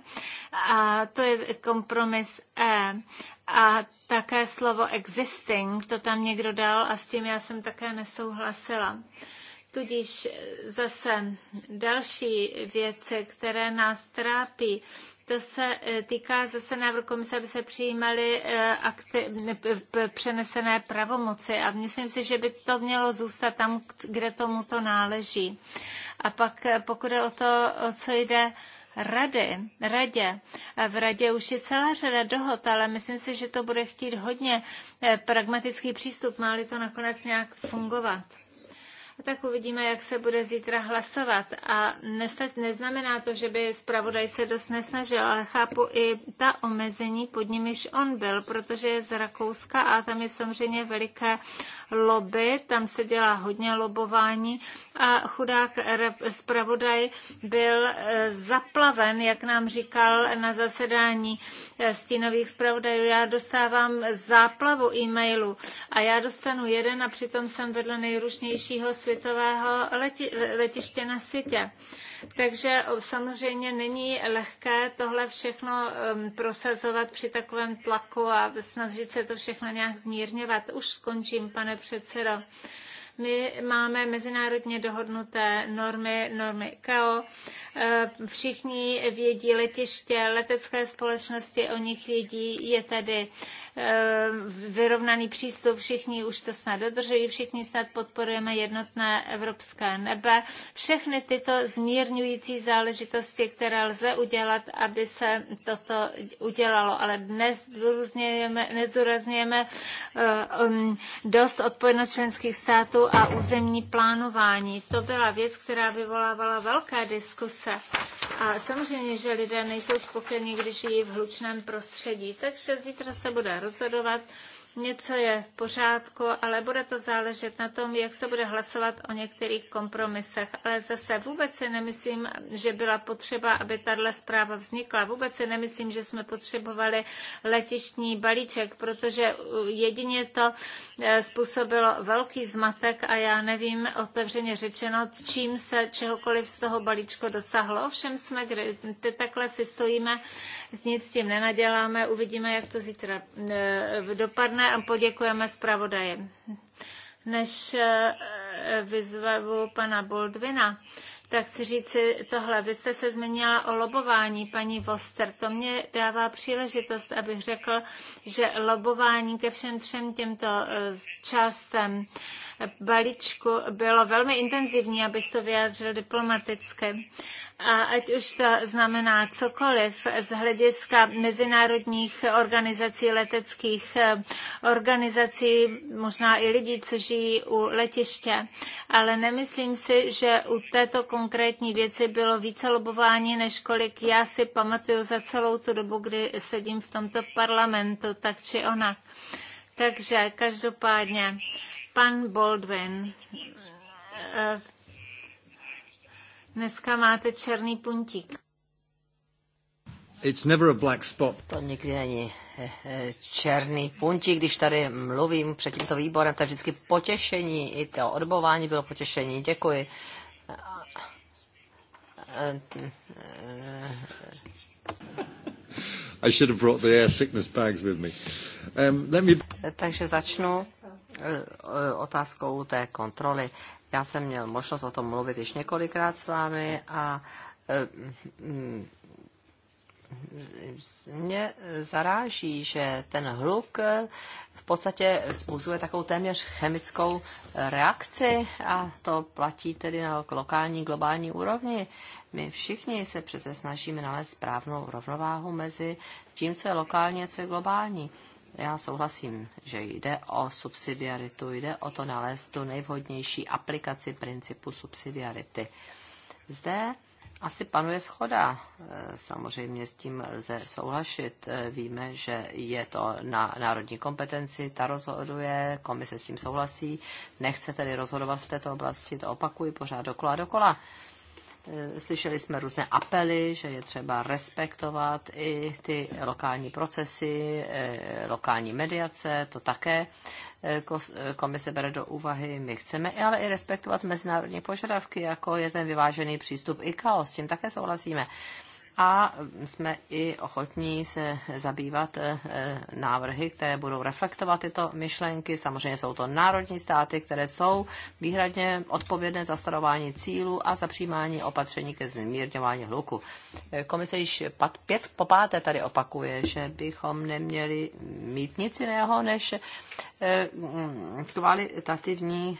A to je kompromis kompromis E a také slovo existing, to tam někdo dal a s tím já jsem také nesouhlasila. Tudíž zase další věci, které nás trápí, to se e, týká zase návrhu komise, aby se přijímaly e, akty, přenesené pravomoci a myslím si, že by to mělo zůstat tam, kde tomu to náleží. A pak e, pokud je o to, o co jde, rady, radě. V radě už je celá řada dohod, ale myslím si, že to bude chtít hodně eh, pragmatický přístup, má-li to nakonec nějak fungovat tak uvidíme, jak se bude zítra hlasovat. A nestat, neznamená to, že by zpravodaj se dost nesnažil, ale chápu i ta omezení, pod nimiž on byl, protože je z Rakouska a tam je samozřejmě veliké lobby, tam se dělá hodně lobování a chudák zpravodaj byl e, zaplaven, jak nám říkal na zasedání e, stínových zpravodajů. Já dostávám záplavu e mailu a já dostanu jeden a přitom jsem vedle nejrušnějšího světového leti, letiště na světě. Takže samozřejmě není lehké tohle všechno um, prosazovat při takovém tlaku a snažit se to všechno nějak zmírňovat. Už skončím, pane předsedo. My máme mezinárodně dohodnuté normy, normy KO. Eh, všichni vědí letiště, letecké společnosti o nich vědí. Je tedy Eh, vyrovnaný přístup, všichni už to snad dodržují, všichni snad podporujeme jednotné evropské nebe. Všechny tyto zmírňující záležitosti, které lze udělat, aby se toto udělalo, ale dnes nezdůrazněme eh, um, dost odpovědnost členských států a územní plánování. To byla věc, která vyvolávala velké diskuse. A samozřejmě, že lidé nejsou spokojeni, když žijí v hlučném prostředí. Takže zítra se bude rozhodovat něco je v pořádku, ale bude to záležet na tom, jak se bude hlasovat o některých kompromisech. Ale zase vůbec si nemyslím, že byla potřeba, aby tahle zpráva vznikla. Vůbec si nemyslím, že jsme potřebovali letištní balíček, protože jedině to eh, způsobilo velký zmatek a já nevím otevřeně řečeno, čím se čehokoliv z toho balíčku dosahlo. Všem jsme, kdy takhle si stojíme, nic s tím nenaděláme, uvidíme, jak to zítra eh, dopadne a poděkujeme zpravodaji. Než eh, vyzvavu pana Boldvina, tak si říci tohle. Vy jste se zmínila o lobování, paní Voster. To mě dává příležitost, abych řekl, že lobování ke všem třem těmto eh, částem balíčku bylo velmi intenzivní, abych to vyjádřil diplomaticky. A ať už to znamená cokoliv z hlediska mezinárodních organizací, leteckých eh, organizací, možná i lidí, co žijí u letiště. Ale nemyslím si, že u této konkrétní věci bylo více lobování, než kolik já si pamatuju za celou tu dobu, kdy sedím v tomto parlamentu, tak či onak. Takže každopádně Pan Baldwin, eh, dneska máte černý puntík. It's never a black spot. To nikdy není eh, eh, černý puntík, když tady mluvím před tímto výborem, to je vždycky potěšení, i to odbování bylo potěšení, děkuji. I should have brought the air sickness bags with me. Um, let me... Takže začnu Eh, otázkou té kontroly. Já jsem měl možnost o tom mluvit již několikrát s vámi a eh, mě zaráží, že ten hluk eh, v podstatě způsobuje takovou téměř chemickou reakci a to platí tedy na lokální, globální úrovni. My všichni se přece snažíme nalézt správnou rovnováhu mezi tím, co je lokální a co je globální já souhlasím, že jde o subsidiaritu, jde o to nalézt tu nejvhodnější aplikaci principu subsidiarity. Zde asi panuje schoda. Eh, samozřejmě s tím lze souhlasit. Eh, víme, že je to na národní kompetenci, ta rozhoduje, komise s tím souhlasí, nechce tedy rozhodovat v této oblasti, to opakuji pořád dokola dokola. Eh, slyšeli jsme různé apely, že je třeba respektovat i ty lokální procesy, eh, lokální mediace, to také eh, komise bere do úvahy. My chceme ale i respektovat mezinárodní požadavky, jako je ten vyvážený přístup ICAO, s tím také souhlasíme a jsme i ochotní se zabývat eh, eh, návrhy, které budou reflektovat tyto myšlenky. Samozřejmě jsou to národní státy, které jsou výhradně odpovědné za starování cílů a za přijímání opatření ke zmírňování hluku. Eh, komise již pět po páté tady opakuje, že bychom neměli mít nic jiného než mm, kvalitativní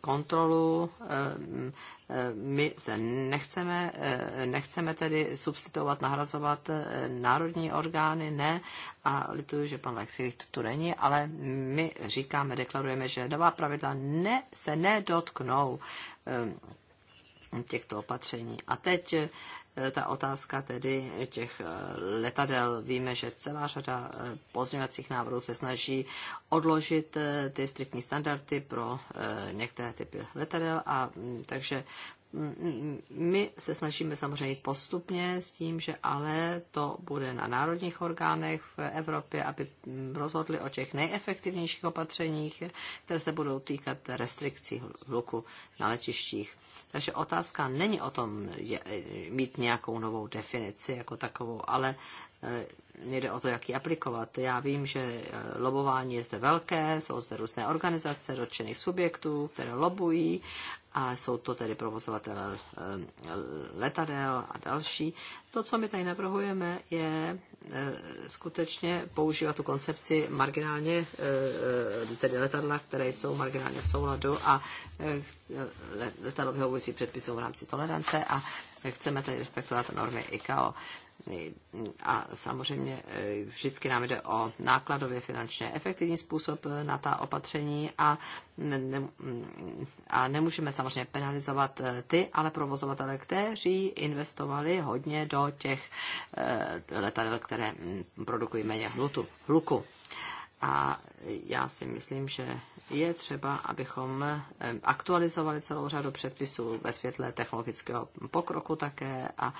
kontrolu my se nechceme, eh, nechceme tedy substituovat, nahrazovat eh, národní orgány, ne, a lituju, že pan Lechtfried tu není, ale my říkáme, deklarujeme, že nová pravidla ne, se nedotknou eh, těchto opatření. A teď ta otázka tedy těch eh, letadel. Víme, že celá řada eh, pozměňovacích návrhů se snaží odložit eh, ty striktní standardy pro některé typy letadel a mm, takže mm, my se snažíme samozřejmě postupně s tím, že ale to bude na národních orgánech v Evropě, aby mm, rozhodli o těch nejefektivnějších opatřeních, které se budou týkat restrikcí hluku na letištích. Takže otázka není o tom je, mít nějakou novou definici jako takovou, ale eh, jde o to, jak ji aplikovat. Já vím, že eh, lobování je zde velké, jsou zde různé organizace dotčených subjektů, které lobují a jsou to tedy provozovatel eh, letadel a další. To, co my tady navrhujeme, je eh, skutečně používat tu koncepci marginálně, eh, tedy letadla, které jsou marginálně v souladu a letadlo vyhovující předpisům v rámci tolerance a chceme tady respektovat normy ICAO a samozřejmě e, vždycky nám jde o nákladově finančně efektivní způsob e, na ta opatření a, ne, ne, a nemůžeme samozřejmě penalizovat e, ty, ale provozovatele, kteří investovali hodně do těch letadel, které produkují méně hlutu, hluku. A já si myslím, že je třeba, abychom eh, aktualizovali celou řadu předpisů ve světle technologického pokroku také a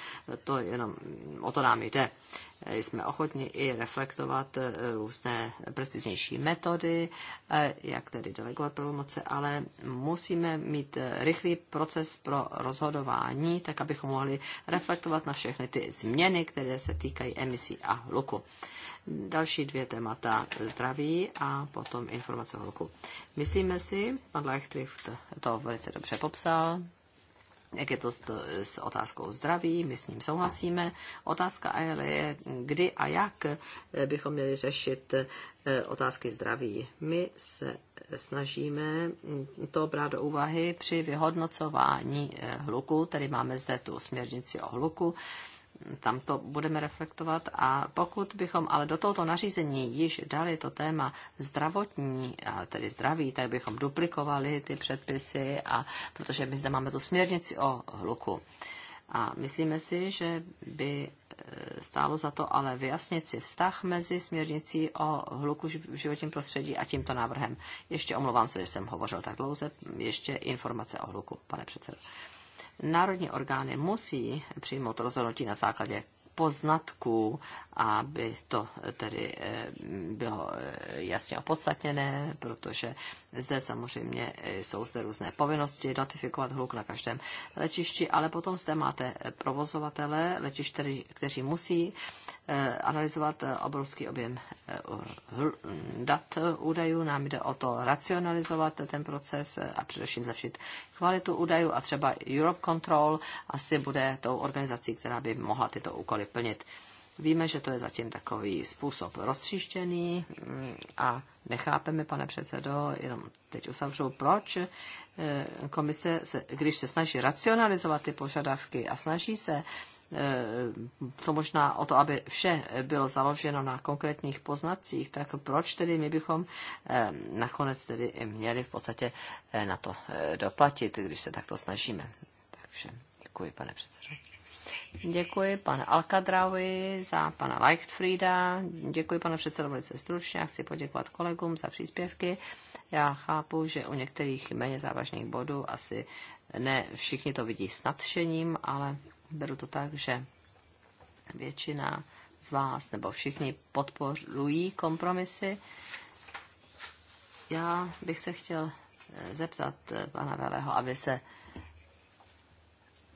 to jenom o to nám jde. Eh, jsme ochotni i reflektovat eh, různé preciznější metody, jak tedy delegovat pravomoce, ale musíme mít rychlý proces pro rozhodování, tak abychom mohli reflektovat na všechny ty změny, které se týkají emisí a hluku. Další dvě témata zdraví a potom informace holku. Myslíme si, pan Leichtrift to velice dobře popsal, jak je to s, s otázkou zdraví, my s ním souhlasíme. Otázka ale je, kdy a jak bychom měli řešit eh, otázky zdraví. My se snažíme to brát do úvahy při vyhodnocování eh, hluku, tedy máme zde tu směrnici o hluku tam to budeme reflektovat. A pokud bychom ale do tohoto nařízení již dali to téma zdravotní, a tedy zdraví, tak bychom duplikovali ty předpisy, a, protože my zde máme tu směrnici o hluku. A myslíme si, že by e, stálo za to ale vyjasnit si vztah mezi směrnicí o hluku v životním prostředí a tímto návrhem. Ještě omlouvám se, že jsem hovořil tak dlouze, ještě informace o hluku, pane předsedo národní orgány musí přijmout rozhodnutí na základě poznatků, aby to tedy eh, bylo eh, jasně opodstatněné, protože zde samozřejmě eh, jsou zde různé povinnosti notifikovat hluk na každém letišti, ale potom zde máte provozovatele letišť, kteří, kteří musí analyzovat obrovský objem dat údajů. Nám jde o to racionalizovat ten proces a především zlepšit kvalitu údajů a třeba Europe Control asi bude tou organizací, která by mohla tyto úkoly měli plnit. Víme, že to je zatím takový způsob roztříštěný mm, a nechápeme, pane předsedo, jenom teď usavřu, proč eh, komise, se, když se snaží racionalizovat ty požadavky a snaží se eh, co možná o to, aby vše bylo založeno na konkrétních poznacích, tak proč tedy my bychom eh, nakonec tedy měli v podstatě na to doplatit, když se takto snažíme. Takže děkuji, pane předsedo. Děkuji pan Alkadraovi za pana Leichtfrieda. Děkuji pane předsedo velice stručně a chci poděkovat kolegům za příspěvky. Já chápu, že u některých méně závažných bodů asi ne všichni to vidí s nadšením, ale beru to tak, že většina z vás nebo všichni podporují kompromisy. Já bych se chtěl zeptat pana Velého, aby se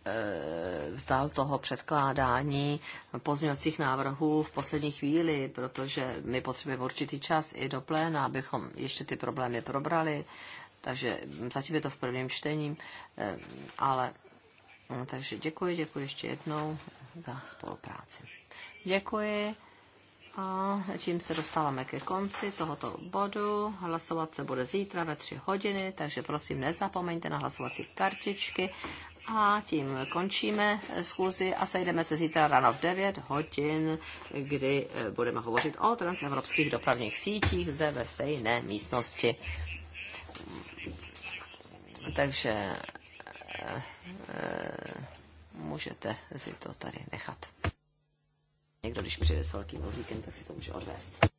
Eh, vzdal toho předkládání pozměňovacích návrhů v poslední chvíli, protože my potřebujeme určitý čas i do pléna, abychom ještě ty problémy probrali. Takže zatím je to v prvním čtení, eh, ale no, takže děkuji, děkuji ještě jednou za spolupráci. Děkuji. A tím se dostáváme ke konci tohoto bodu. Hlasovat se bude zítra ve 3 hodiny, takže prosím nezapomeňte na hlasovací kartičky a tím končíme schůzi a sejdeme se zítra ráno v 9 hodin, kdy eh, budeme hovořit o transevropských dopravních sítích zde ve stejné místnosti. Takže eh, můžete si to tady nechat. Někdo, když přijde s velkým vozíkem, tak si to může odvést.